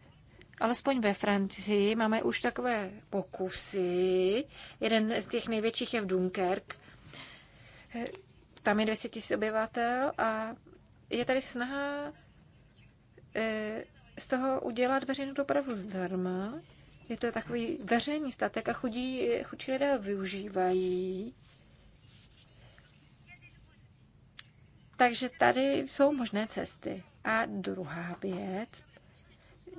alespoň ve Francii máme už takové pokusy. Jeden z těch největších je v Dunkerque. Tam je 200 000 obyvatel a je tady snaha eh, z toho udělat veřejnou dopravu zdarma. Je to takový veřejný statek a chudí, chudí lidé ho využívají. Takže tady jsou možné cesty. A druhá věc,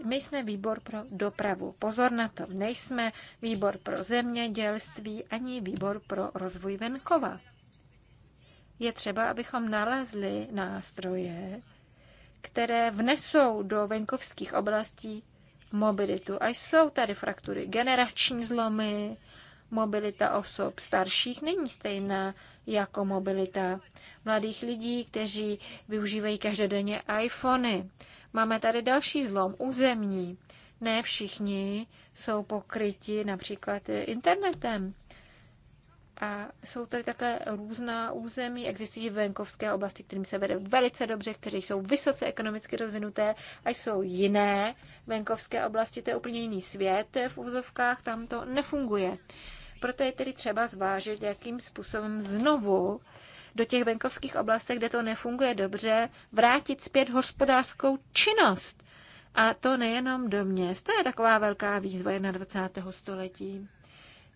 my jsme výbor pro dopravu. Pozor na to, nejsme výbor pro zemědělství ani výbor pro rozvoj venkova. Je třeba, abychom nalezli nástroje, které vnesou do venkovských oblastí mobilitu. A jsou tady fraktury, generační zlomy, mobilita osob starších není stejná jako mobilita mladých lidí, kteří využívají každodenně iPhony. Máme tady další zlom, územní. Ne všichni jsou pokryti například internetem. A jsou tady také různá území, existují venkovské oblasti, kterým se vede velice dobře, které jsou vysoce ekonomicky rozvinuté, a jsou jiné venkovské oblasti, to je úplně jiný svět v úzovkách, tam to nefunguje. Proto je tedy třeba zvážit, jakým způsobem znovu do těch venkovských oblastech, kde to nefunguje dobře, vrátit zpět hospodářskou činnost. A to nejenom do měst. To je taková velká výzva 21. století.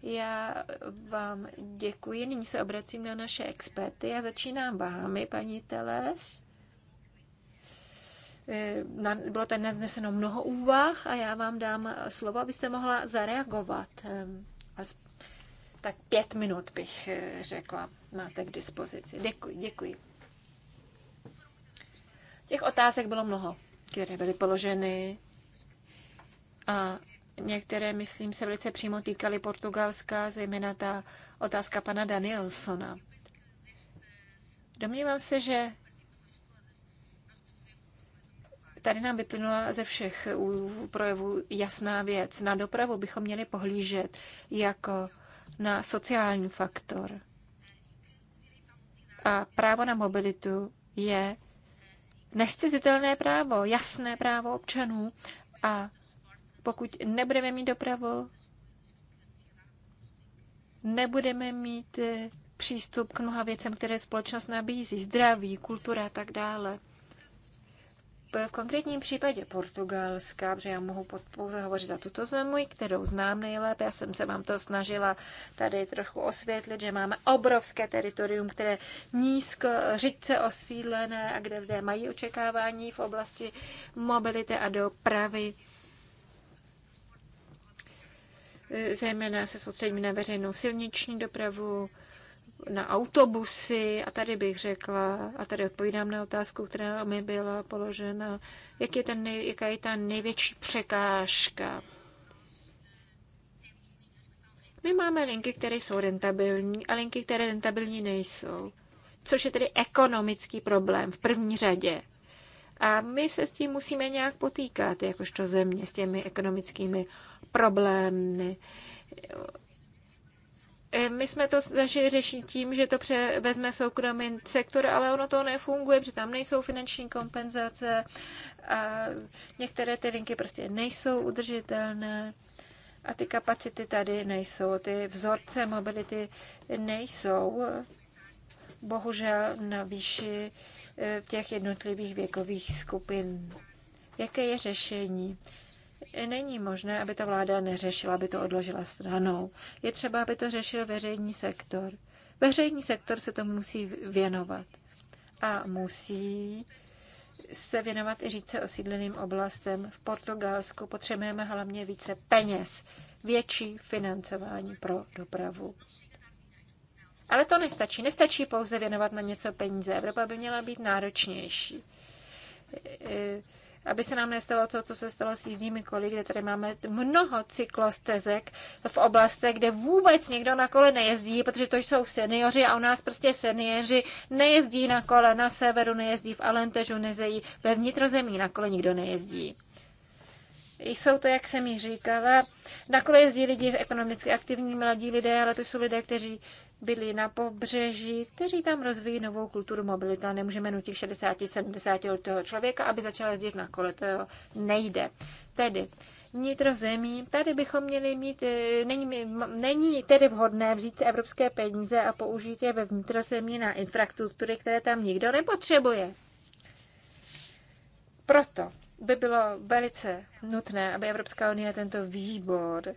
Já vám děkuji. Nyní se obracím na naše experty. Já začínám vámi, paní Teleš. Eh, bylo tady nadneseno mnoho úvah a já vám dám slovo, abyste mohla zareagovat. Ehm, tak pět minut bych eh, řekla máte k dispozici. Děkuji, děkuji. Těch otázek bylo mnoho, které byly položeny a některé, myslím, se velice přímo týkaly Portugalska, zejména ta otázka pana Danielsona. Domnívám se, že tady nám vyplynula ze všech projevů jasná věc. Na dopravu bychom měli pohlížet jako na sociální faktor. A právo na mobilitu je nescizitelné právo, jasné právo občanů. A pokud nebudeme mít dopravu, nebudeme mít eh, přístup k mnoha věcem, které společnost nabízí, zdraví, kultura a tak dále. V konkrétním případě Portugalska, protože já mohu pouze hovořit za tuto zemi, kterou znám nejlépe, já jsem se vám to snažila tady trošku osvětlit, že máme obrovské teritorium, které nízko, řidce osídlené a kde lidé mají očekávání v oblasti mobility a dopravy zejména se soustředíme na veřejnou silniční dopravu, na autobusy, a tady bych řekla, a tady odpovídám na otázku, která mi byla položena, jak je ten, jaká je ta největší překážka. My máme linky, které jsou rentabilní a linky, které rentabilní nejsou, což je tedy ekonomický problém v první řadě. A my se s tím musíme nějak potýkat, jakožto země, s těmi ekonomickými problémy Eh, my jsme to začali řešit tím, že to převezme soukromý sektor, ale ono to nefunguje, protože tam nejsou finanční kompenzace a některé ty linky prostě nejsou udržitelné a ty kapacity tady nejsou, ty vzorce mobility nejsou bohužel na výši eh, v těch jednotlivých věkových skupin. Jaké je řešení? není možné, aby to vláda neřešila, aby to odložila stranou. Je třeba, aby to řešil veřejný sektor. Veřejný sektor se tomu musí věnovat. A musí se věnovat i říce osídleným oblastem. V Portugalsku potřebujeme hlavně více peněz, větší financování pro dopravu. Ale to nestačí. Nestačí pouze věnovat na něco peníze. Evropa by měla být náročnější aby se nám nestalo to, co se stalo s jízdními koly, kde tady máme mnoho cyklostezek v oblastech, kde vůbec někdo na kole nejezdí, protože to jsou seniori a u nás prostě seniori nejezdí na kole, na severu nejezdí, v Alentežu nejezdí, ve vnitrozemí na kole nikdo nejezdí. Jsou to, jak jsem ji říkala, na kole jezdí lidi v ekonomicky aktivní mladí lidé, ale to jsou lidé, kteří byli na pobřeží, kteří tam rozvíjí novou kulturu mobility. Nemůžeme nutit 60-70 letého člověka, aby začal jezdit na kole. To nejde. Tedy vnitrozemí. Tady bychom měli mít, e, není, není tedy vhodné vzít evropské peníze a použít je ve vnitrozemí na infrastruktury, které tam nikdo nepotřebuje. Proto by bylo velice nutné, aby Evropská unie tento výbor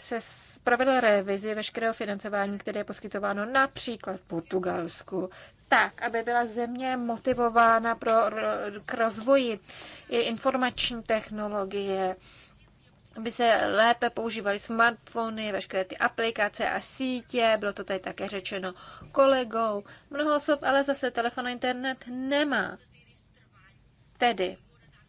se provedl revizi veškerého financování, které je poskytováno například Portugalsku, tak, aby byla země motivována pro, k rozvoji informační technologie, aby se lépe používaly smartfony, veškeré ty aplikace a sítě, bylo to tady také řečeno kolegou. Mnoho osob ale zase telefon a internet nemá. Tedy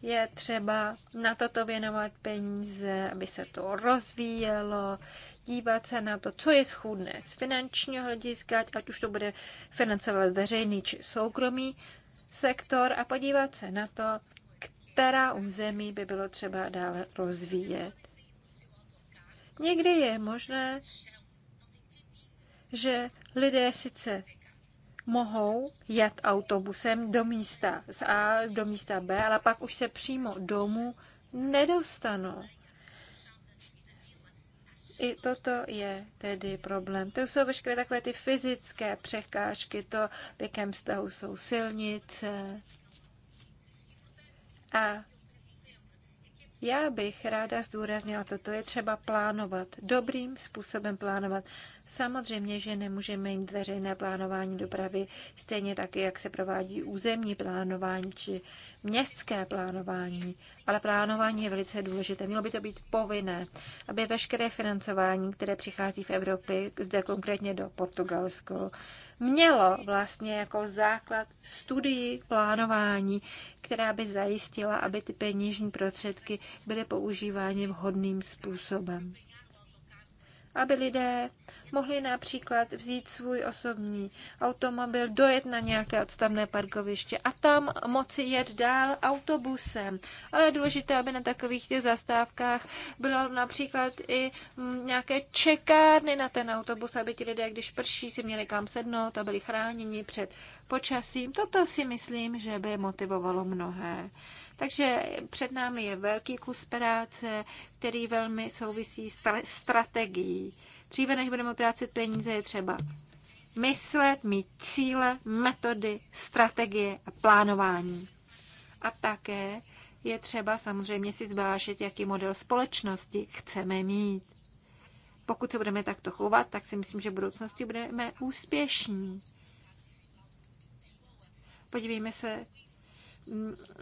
je třeba na toto věnovat peníze, aby se to rozvíjelo, dívat se na to, co je schůdné z finančního hlediska, ať už to bude financovat veřejný či soukromý sektor a podívat se na to, která území by bylo třeba dále rozvíjet. Někdy je možné, že lidé sice mohou jet autobusem do místa z A do místa B, ale pak už se přímo domů nedostanou. I toto je tedy problém. To jsou veškeré takové ty fyzické překážky, to v jakém stavu jsou silnice. A já bych ráda zdůraznila toto, je třeba plánovat, dobrým způsobem plánovat. Samozřejmě, že nemůžeme mít veřejné plánování dopravy stejně taky, jak se provádí územní plánování či městské plánování, ale plánování je velice důležité. Mělo by to být povinné, aby veškeré financování, které přichází v Evropě, zde konkrétně do Portugalsko, mělo vlastně jako základ studii plánování, která by zajistila, aby ty peněžní prostředky byly používány vhodným způsobem. Aby lidé mohli například vzít svůj osobní automobil, dojet na nějaké odstavné parkoviště a tam moci jet dál autobusem. Ale je důležité, aby na takových těch zastávkách bylo například i mm, nějaké čekárny na ten autobus, aby ti lidé, když prší, si měli kam sednout a byli chráněni před počasím. Toto si myslím, že by motivovalo mnohé. Takže před námi je velký kus práce, který velmi souvisí s strategií. Dříve, než budeme utrácet peníze, je třeba myslet, mít cíle, metody, strategie a plánování. A také je třeba samozřejmě si zvážit, jaký model společnosti chceme mít. Pokud se budeme takto chovat, tak si myslím, že v budoucnosti budeme úspěšní. Podívejme se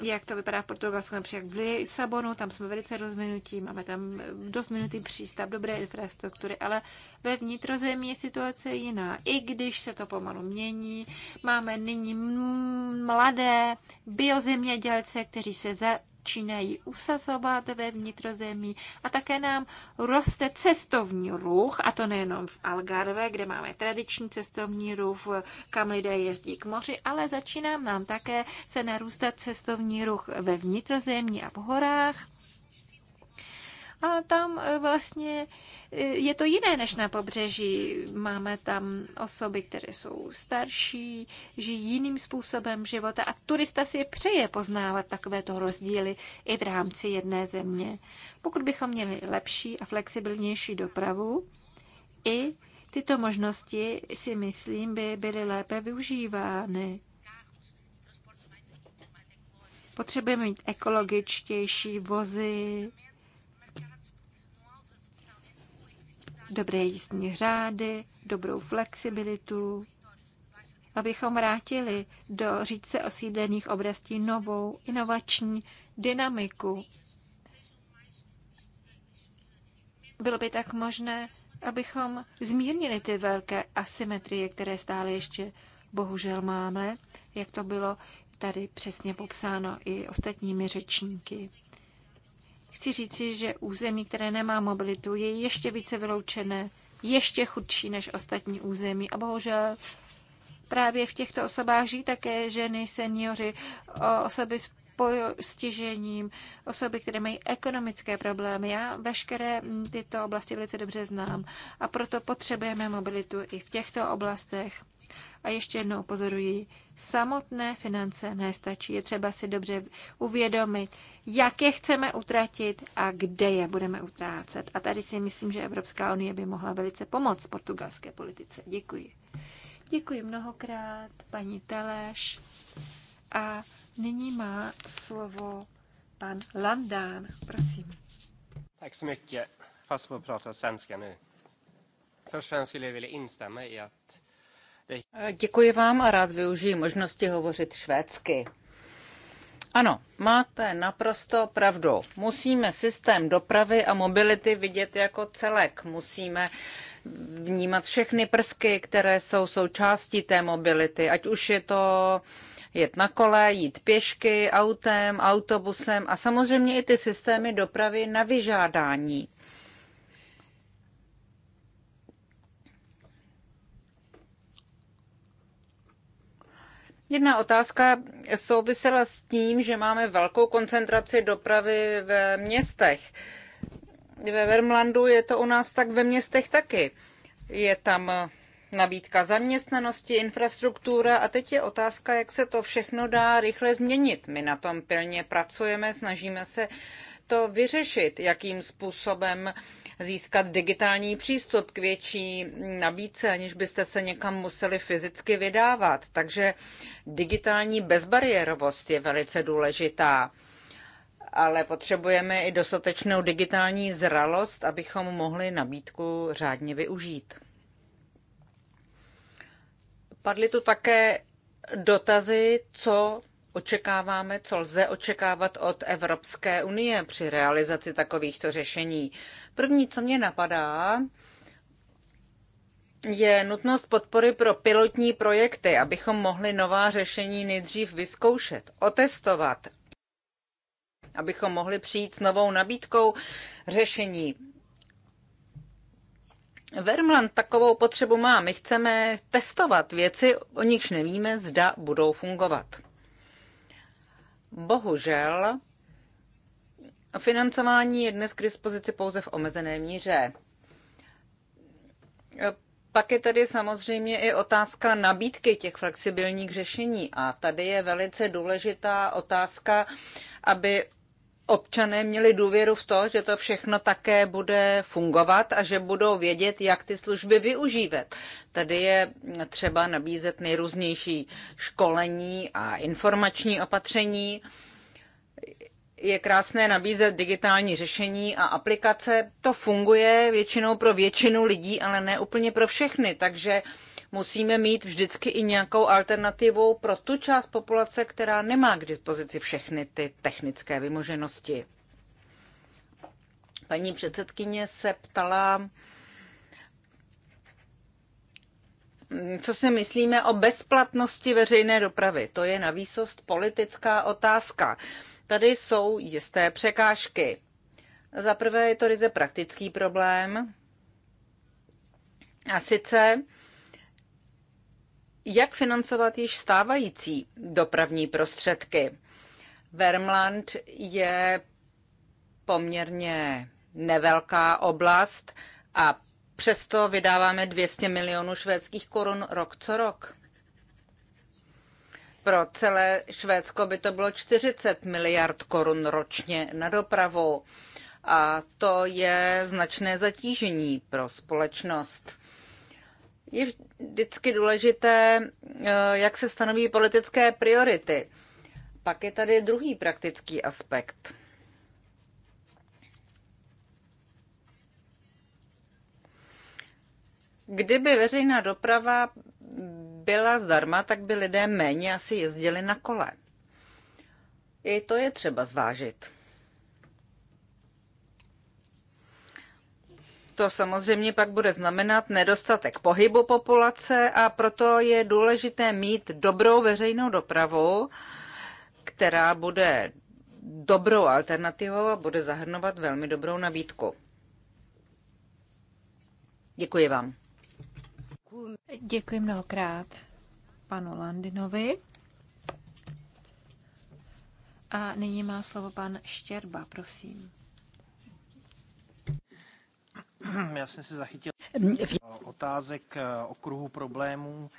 jak to vypadá v Portugalsku, například v Lisabonu, tam jsme velice rozvinutí, máme tam dost minutý přístav, dobré infrastruktury, ale ve vnitrozemí je situace jiná. I když se to pomalu mění, máme nyní mladé biozemědělce, kteří se za, začínají usazovat ve vnitrozemí a také nám roste cestovní ruch, a to nejenom v Algarve, kde máme tradiční cestovní ruch, kam lidé jezdí k moři, ale začíná nám také se narůstat cestovní ruch ve vnitrozemí a v horách a tam eh, vlastně eh, je to jiné než na pobřeží. Máme tam osoby, které jsou starší, žijí jiným způsobem života a turista si přeje poznávat takovéto rozdíly i v rámci jedné země. Pokud bychom měli lepší a flexibilnější dopravu, i tyto možnosti si myslím by byly lépe využívány. Potřebujeme mít ekologičtější vozy, dobré jízdní řády, dobrou flexibilitu, abychom vrátili do řídce osídlených oblastí novou inovační dynamiku. Bylo by tak možné, abychom zmírnili ty velké asymetrie, které stále ještě bohužel máme, jak to bylo tady přesně popsáno i ostatními řečníky. Chci říci, že území, které nemá mobilitu, je ještě více vyloučené, ještě chudší než ostatní území. A bohužel právě v těchto osobách žijí také ženy, seniori, osoby s postižením, osoby, které mají ekonomické problémy. Já veškeré tyto oblasti velice dobře znám a proto potřebujeme mobilitu i v těchto oblastech. A ještě jednou pozoruji, samotné finance nestačí. Je třeba si dobře uvědomit, jak je chceme utratit a kde je budeme utrácet. A tady si myslím, že Evropská unie by mohla velice pomoct portugalské politice. Děkuji. Děkuji mnohokrát, paní Teleš. A nyní má slovo pan Landán. Prosím. Tak så mycket. Fast får prata svenska nu. Först och främst skulle jag vilja instämma i att Děkuji vám a rád využiji možnosti hovořit švédsky. Ano, máte naprosto pravdu. Musíme systém dopravy a mobility vidět jako celek. Musíme vnímat všechny prvky, které jsou součástí té mobility, ať už je to jet na kole, jít pěšky, autem, autobusem a samozřejmě i ty systémy dopravy na vyžádání. Jedna otázka souvisela s tím, že máme velkou koncentraci dopravy ve městech. Ve Vermlandu je to u nás tak ve městech taky. Je tam nabídka zaměstnanosti, infrastruktura a teď je otázka, jak se to všechno dá rychle změnit. My na tom pilně pracujeme, snažíme se to vyřešit, jakým způsobem uh, získat digitální přístup k větší nabídce, aniž byste se někam museli fyzicky vydávat. Takže digitální bezbariérovost je velice důležitá. Ale potřebujeme i dostatečnou digitální zralost, abychom mohli nabídku řádně využít. Padly tu také dotazy, co očekáváme, co lze očekávat od Evropské unie při realizaci takovýchto řešení. První, co mě napadá, je nutnost podpory pro pilotní projekty, abychom mohli nová řešení nejdřív vyzkoušet, otestovat, abychom mohli přijít s novou nabídkou řešení. Vermland takovou potřebu má. My chceme testovat věci, o nichž nevíme, zda budou fungovat. Bohužel financování je dnes k dispozici pouze v omezené míře. Pak je tady samozřejmě i otázka nabídky těch flexibilních řešení a tady je velice důležitá otázka, aby občané měli důvěru v to, že to všechno také bude fungovat a že budou vědět, jak ty služby využívat. Tady je třeba nabízet nejrůznější školení a informační opatření. Je krásné nabízet digitální řešení a aplikace. To funguje většinou pro většinu lidí, ale ne úplně pro všechny, takže musíme mít vždycky i nějakou alternativu pro tu část populace, která nemá k dispozici všechny ty technické vymoženosti. Paní předsedkyně se ptala, co si myslíme o bezplatnosti veřejné dopravy. To je na politická otázka. Tady jsou jisté překážky. Za prvé je to ryze praktický problém. A sice jak financovat již stávající dopravní prostředky. Vermland je poměrně nevelká oblast a přesto vydáváme 200 milionů švédských korun rok co rok. Pro celé Švédsko by to bylo 40 miliard korun ročně na dopravu. A to je značné zatížení pro společnost je vždycky důležité, eh, jak se stanoví politické priority. Pak je tady druhý praktický aspekt. Kdyby veřejná doprava byla zdarma, tak by lidé méně asi jezdili na kole. I to je třeba zvážit. To samozřejmě pak bude znamenat nedostatek pohybu populace a proto je důležité mít dobrou veřejnou dopravu, která bude dobrou alternativou a bude zahrnovat velmi dobrou nabídku. Děkuji vám. Děkuji mnohokrát panu Landinovi. A nyní má slovo pan Štěrba, prosím. Já jsem si zachytil otázek eh, okruhu problémů.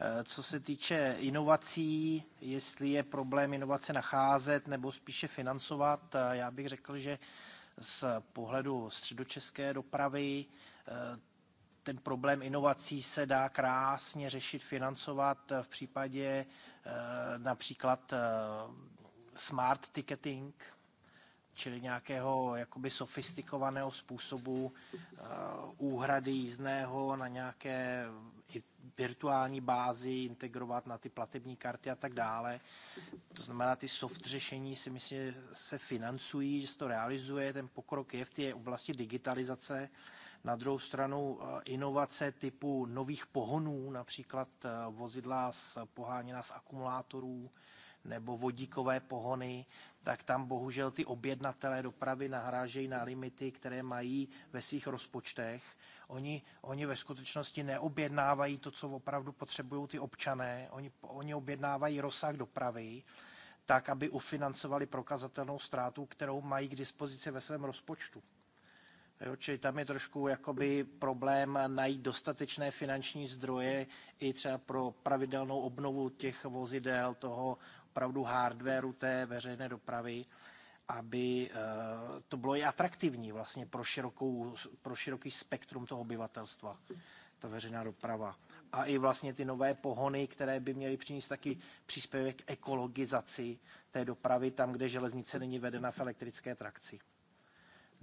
Eh, co se týče inovací, jestli je problém inovace nacházet nebo spíše financovat, eh, já bych řekl, že z pohledu středočeské dopravy ten problém inovací se dá krásně řešit, financovat v případě například smart ticketing, čili nějakého jakoby sofistikovaného způsobu eh, úhrady jízdného na nějaké eh, virtuální bázi, integrovat na ty platební karty a tak dále. To znamená, ty soft řešení si myslím, se financují, že se to realizuje, ten pokrok je v té oblasti digitalizace. Na druhou stranu eh, inovace typu nových pohonů, například vozidla poháněna z akumulátorů, nebo vodíkové pohony, tak tam bohužel ty objednatelé dopravy nahrážejí na limity, které mají ve svých rozpočtech. Oni, oni ve skutečnosti neobjednávají to, co opravdu potřebují ty občané, oni, oni objednávají rozsah dopravy, tak, aby ufinancovali prokazatelnou ztrátu, kterou mají k dispozici ve svém rozpočtu. Jo, čili tam je trošku jakoby problém najít dostatečné finanční zdroje i třeba pro pravidelnou obnovu těch vozidel, toho opravdu hardwareu té veřejné dopravy, aby eh, to bylo i atraktivní vlastně pro, širokou, pro široký spektrum toho obyvatelstva, ta veřejná doprava. A i vlastně ty nové pohony, které by měly přinést taky příspěvek k ekologizaci té dopravy tam, kde železnice není vedena v elektrické trakci.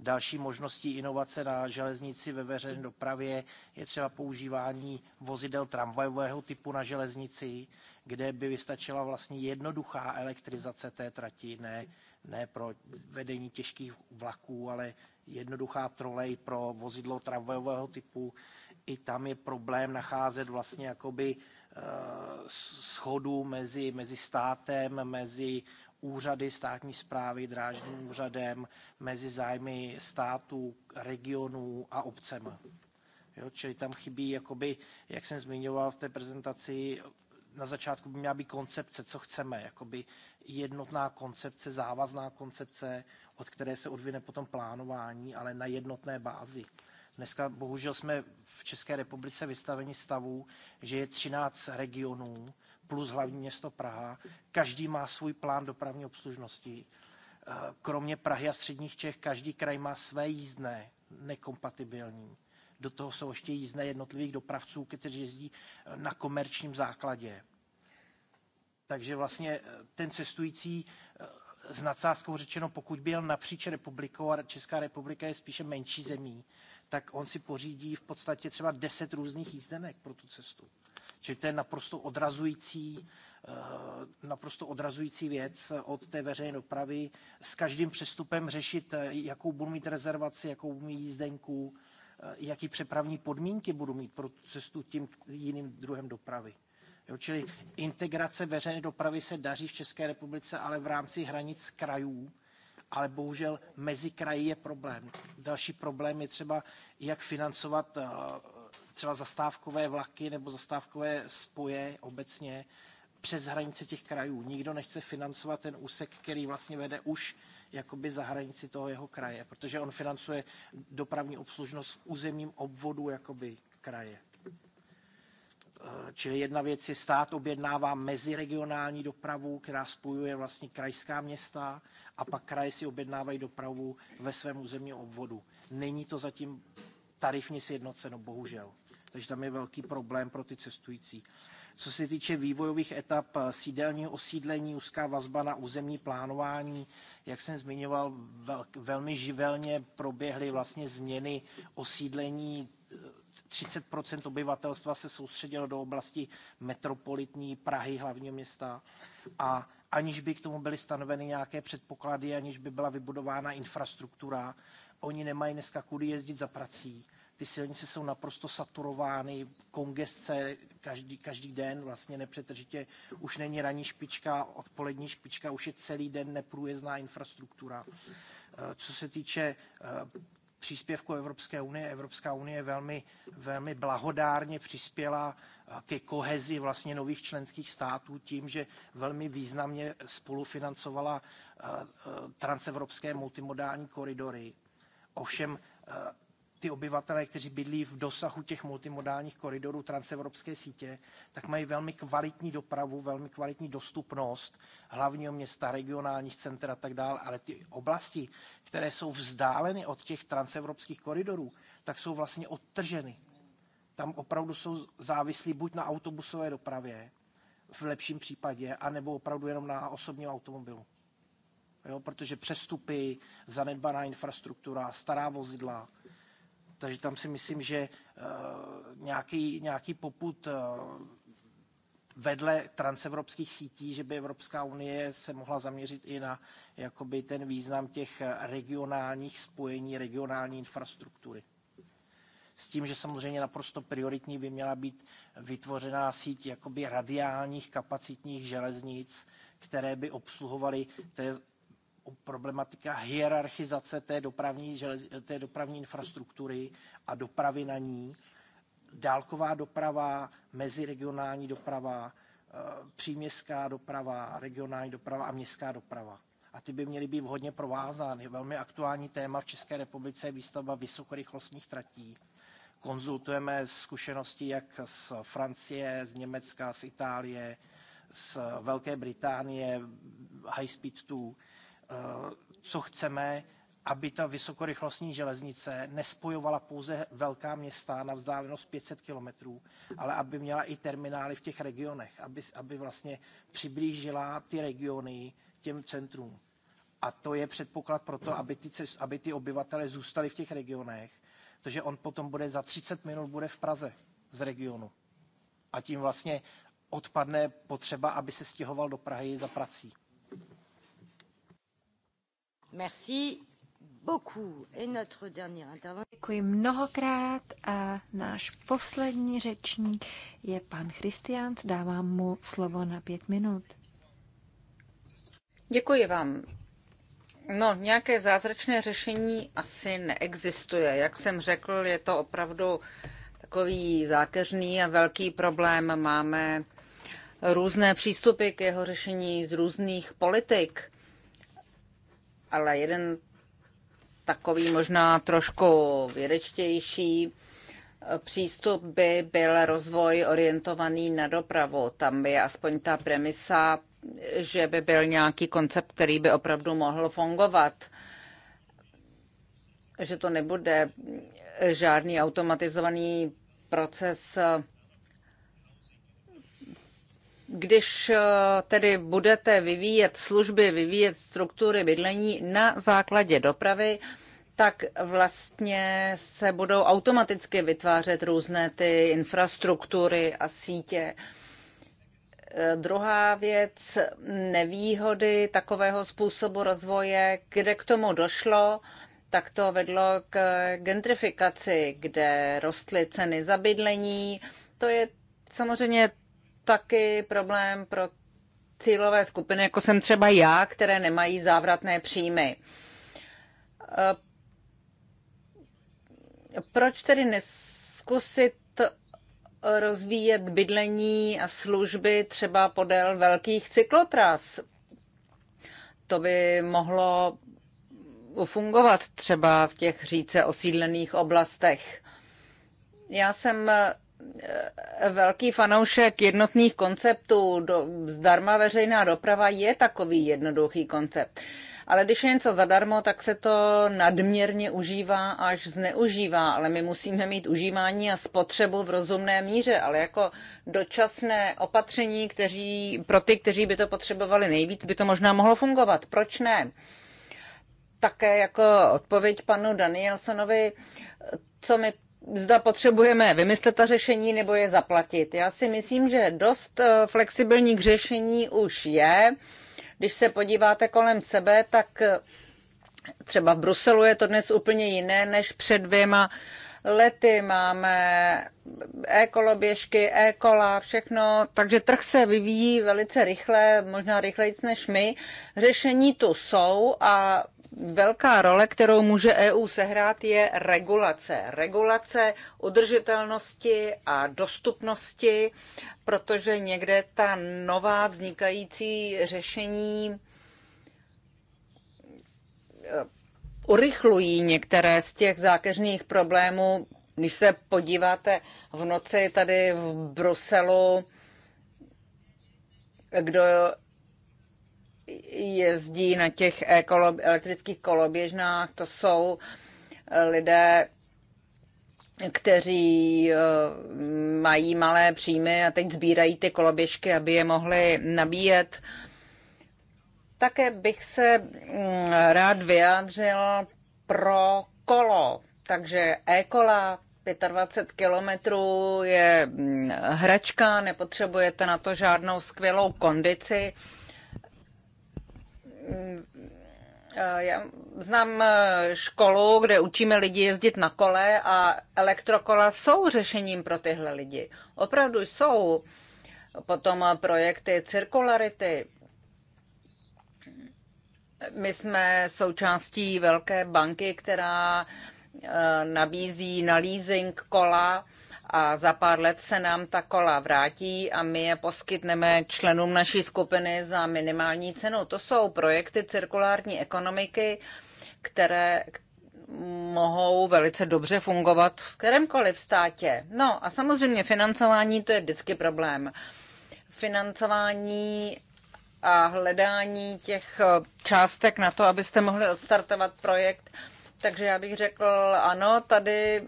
Další možností inovace na železnici ve veřejné dopravě je třeba používání vozidel tramvajového typu na železnici, kde by vystačila vlastně jednoduchá elektrizace té trati, ne, ne pro vedení těžkých vlaků, ale jednoduchá trolej pro vozidlo tramvajového typu. I tam je problém nacházet vlastně jakoby eh, schodu mezi, mezi státem, mezi úřady státní zprávy, drážním úřadem, mezi zájmy států, regionů a obcem. Jo, čili tam chybí, jakoby, jak jsem zmiňoval v té prezentaci, na začátku by měla být koncepce, co chceme, jakoby jednotná koncepce, závazná koncepce, od které se odvine potom plánování, ale na jednotné bázi. Dneska bohužel jsme v České republice vystaveni stavu, že je 13 regionů plus hlavní město Praha. Každý má svůj plán dopravní obslužnosti. Eh, kromě Prahy a středních Čech každý kraj má své jízdné nekompatibilní do toho jsou ještě jízdné jednotlivých dopravců, kteří jezdí eh, na komerčním základě. Takže vlastně eh, ten cestující eh, s nadsázkou řečeno, pokud byl napříč republikou, a Česká republika je spíše menší zemí, tak on si pořídí v podstatě třeba 10 různých jízdenek pro tu cestu. Čili to je naprosto odrazující, naprosto odrazující věc od té veřejné dopravy. S každým přestupem řešit, jakou budu mít rezervaci, jakou budu mít jízdenku, Eh, jaký přepravní podmínky budu mít pro cestu tím jiným druhem dopravy. Jo, čili integrace veřejné dopravy se daří v České republice, ale v rámci hranic krajů, ale bohužel mezi kraji je problém. Další problém je třeba, jak financovat eh, třeba zastávkové vlaky nebo zastávkové spoje obecně přes hranice těch krajů. Nikdo nechce financovat ten úsek, který vlastně vede už jakoby za hranici toho jeho kraje, protože on financuje dopravní obslužnost v územním obvodu jakoby kraje. Eh, čili jedna věc je, stát objednává meziregionální dopravu, která spojuje vlastně krajská města a pak kraje si objednávají dopravu ve svém územním obvodu. Není to zatím tarifně sjednoceno, bohužel. Takže tam je velký problém pro ty cestující. Co se týče vývojových etap eh, sídelního osídlení, úzká vazba na územní plánování, jak jsem zmiňoval, velmi živelně proběhly vlastně změny osídlení 30 eh, obyvatelstva se soustředilo do oblasti metropolitní Prahy, hlavního města, a aniž by k tomu byly stanoveny nějaké předpoklady, aniž by byla vybudována infrastruktura, oni nemají dneska kudy jezdit za prací ty silnice jsou naprosto saturovány, kongestce každý, každý den, vlastně nepřetržitě už není ranní špička, odpolední špička, už je celý den neprůjezdná infrastruktura. Eh, co se týče eh, příspěvku Evropské unie. Evropská unie velmi, velmi blahodárně přispěla eh, ke kohezi vlastně nových členských států tím, že velmi významně spolufinancovala transevropské multimodální koridory. Ovšem ty obyvatelé, kteří bydlí v dosahu těch multimodálních koridorů transevropské sítě, tak mají velmi kvalitní dopravu, velmi kvalitní dostupnost hlavního města, regionálních center a tak dále, ale ty oblasti, které jsou vzdáleny od těch transevropských koridorů, tak jsou vlastně odtrženy. Tam opravdu jsou závislí buď na autobusové dopravě, v lepším případě, anebo opravdu jenom na osobním automobilu. Jo, protože přestupy, zanedbaná infrastruktura, stará vozidla, takže tam si myslím, že eh, nějaký, nějaký poput eh, vedle transevropských sítí, že by Evropská unie se mohla zaměřit i na jakoby ten význam těch eh, regionálních spojení, regionální infrastruktury. S tím, že samozřejmě naprosto prioritní by měla být vytvořená síť jakoby radiálních kapacitních železnic, které by obsluhovaly problematika hierarchizace té dopravní, té dopravní infrastruktury a dopravy na ní, dálková doprava, meziregionální doprava, eh, příměstská doprava, regionální doprava a městská doprava. A ty by měly být hodně provázány. Velmi aktuální téma v České republice je výstavba vysokorychlostních tratí. Konzultujeme zkušenosti jak z Francie, z Německa, z Itálie, z Velké Británie, High Speed 2 Eh, co chceme, aby ta vysokorychlostní železnice nespojovala pouze velká města na vzdálenost 500 kilometrů, ale aby měla i terminály v těch regionech, aby, aby vlastně přiblížila ty regiony těm centrům. A to je předpoklad pro to, aby ty, aby ty obyvatele zůstali v těch regionech, protože on potom bude za 30 minut bude v Praze z regionu. A tím vlastně odpadne potřeba, aby se stěhoval do Prahy za prací. Děkuji mnohokrát a náš poslední řečník je pan Christian. Dávám mu slovo na pět minut. Děkuji vám. No, nějaké zázračné řešení asi neexistuje. Jak jsem řekl, je to opravdu takový zákeřný a velký problém. Máme různé přístupy k jeho řešení z různých politik ale jeden takový možná trošku vědečtější e, přístup by byl rozvoj orientovaný na dopravu. Tam by aspoň ta premisa, že by byl nějaký koncept, který by opravdu mohl fungovat. Že to nebude žádný automatizovaný proces když eh, tedy budete vyvíjet služby, vyvíjet struktury bydlení na základě dopravy, tak vlastně se budou automaticky vytvářet různé ty infrastruktury a sítě. Eh, druhá věc, nevýhody takového způsobu rozvoje, kde k tomu došlo, tak to vedlo k gentrifikaci, kde rostly ceny za bydlení. To je samozřejmě taky problém pro cílové skupiny, jako jsem třeba já, které nemají závratné příjmy. E, proč tedy neskusit rozvíjet bydlení a služby třeba podél velkých cyklotras? To by mohlo fungovat třeba v těch říce osídlených oblastech. Já jsem velký fanoušek jednotných konceptů. Do, zdarma veřejná doprava je takový jednoduchý koncept. Ale když je něco zadarmo, tak se to nadměrně užívá až zneužívá. Ale my musíme mít užívání a spotřebu v rozumné míře, ale jako dočasné opatření kteří, pro ty, kteří by to potřebovali nejvíc, by to možná mohlo fungovat. Proč ne? Také jako odpověď panu Danielsonovi, co mi zda potřebujeme vymyslet ta řešení nebo je zaplatit. Já si myslím, že dost eh, flexibilních řešení už je. Když se podíváte kolem sebe, tak eh, třeba v Bruselu je to dnes úplně jiné než před dvěma lety. Máme e-koloběžky, e-kola, všechno. Takže trh se vyvíjí velice rychle, možná rychleji než my. Řešení tu jsou a velká role, kterou může EU sehrát, je regulace. Regulace udržitelnosti a dostupnosti, protože někde ta nová vznikající řešení eh, urychlují některé z těch zákeřných problémů. Když se podíváte v noci tady v Bruselu, kdo jezdí na těch elektrických koloběžnách, to jsou lidé, kteří eh, mají malé příjmy a teď sbírají ty koloběžky, aby je mohli nabíjet. Také bych se mm, rád vyjádřil pro kolo. Takže e-kola 25 kilometrů je mm, hračka, nepotřebujete na to žádnou skvělou kondici. Eh, já znám eh, školu, kde učíme lidi jezdit na kole a elektrokola jsou řešením pro tyhle lidi. Opravdu jsou. Potom projekty cirkularity. My jsme součástí velké banky, která eh, nabízí na leasing kola a za pár let se nám ta kola vrátí a my je poskytneme členům naší skupiny za minimální cenu. To jsou projekty cirkulární ekonomiky, které mohou velice dobře fungovat v kterémkoliv státě. No a samozřejmě financování to je vždycky problém. Financování a hledání těch částek na to, abyste mohli odstartovat projekt. Takže já bych řekl, ano, tady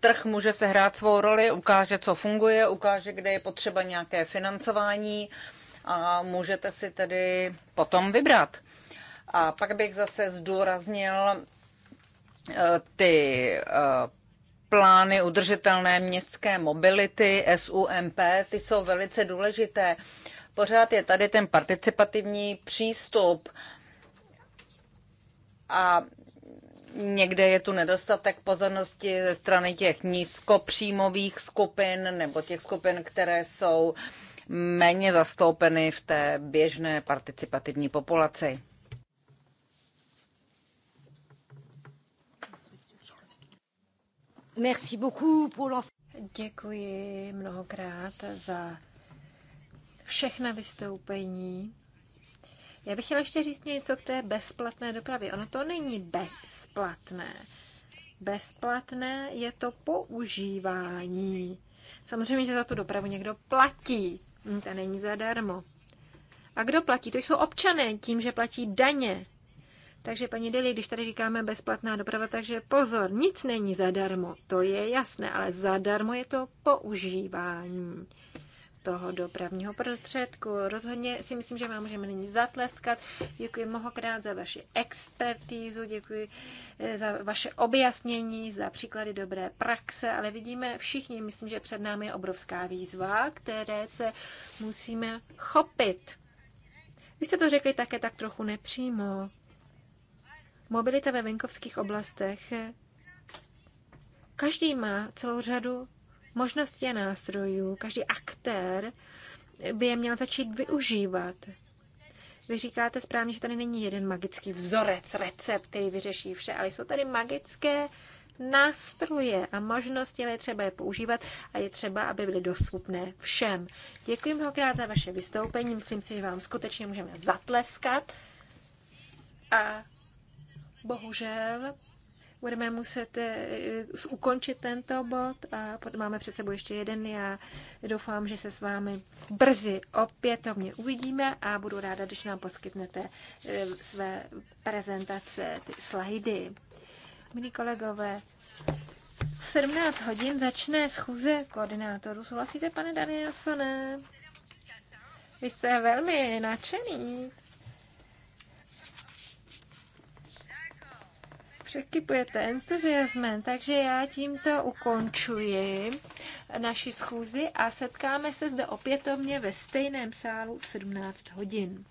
Trh může sehrát svou roli, ukáže, co funguje, ukáže, kde je potřeba nějaké financování a můžete si tedy potom vybrat. A pak bych zase zdůraznil eh, ty eh, plány udržitelné městské mobility, SUMP, ty jsou velice důležité. Pořád je tady ten participativní přístup a Někde je tu nedostatek pozornosti ze strany těch nízkopříjmových skupin nebo těch skupin, které jsou méně zastoupeny v té běžné participativní populaci. Merci beaucoup pour Děkuji mnohokrát za všechna vystoupení. Já bych chtěla ještě říct něco k té bezplatné dopravě. Ono to není bez bezplatné. Bezplatné je to používání. Samozřejmě, že za tu dopravu někdo platí. Hm, to není zadarmo. A kdo platí? To jsou občané tím, že platí daně. Takže paní Deli, když tady říkáme bezplatná doprava, takže pozor, nic není zadarmo, to je jasné, ale zadarmo je to používání toho dopravního prostředku. Rozhodně si myslím, že vám můžeme nyní zatleskat. Děkuji mnohokrát za vaši expertízu, děkuji eh, za vaše objasnění, za příklady dobré praxe, ale vidíme všichni, myslím, že před námi je obrovská výzva, které se musíme chopit. Vy jste to řekli také tak trochu nepřímo. Mobilita ve venkovských oblastech. Eh, každý má celou řadu možnosti a nástrojů každý aktér by je měl začít využívat. Vy říkáte správně, že tady není jeden magický vzorec, recept, který vyřeší vše, ale jsou tady magické nástroje a možnosti, ale je třeba je používat a je třeba, aby byly dostupné všem. Děkuji mnohokrát za vaše vystoupení, myslím si, že vám skutečně můžeme zatleskat a bohužel budeme muset eh, ukončit tento bod a potom máme před sebou ještě jeden. Já doufám, že se s vámi brzy opětovně uvidíme a budu ráda, když nám poskytnete eh, své prezentace, ty slajdy. Milí kolegové, 17 hodin začne schůze koordinátorů. Souhlasíte, pane Danielsone? Vy jste velmi nadšený. překypujete entuziasmem, takže já tímto ukončuji naši schůzi a setkáme se zde opětovně ve stejném sálu v 17 hodin.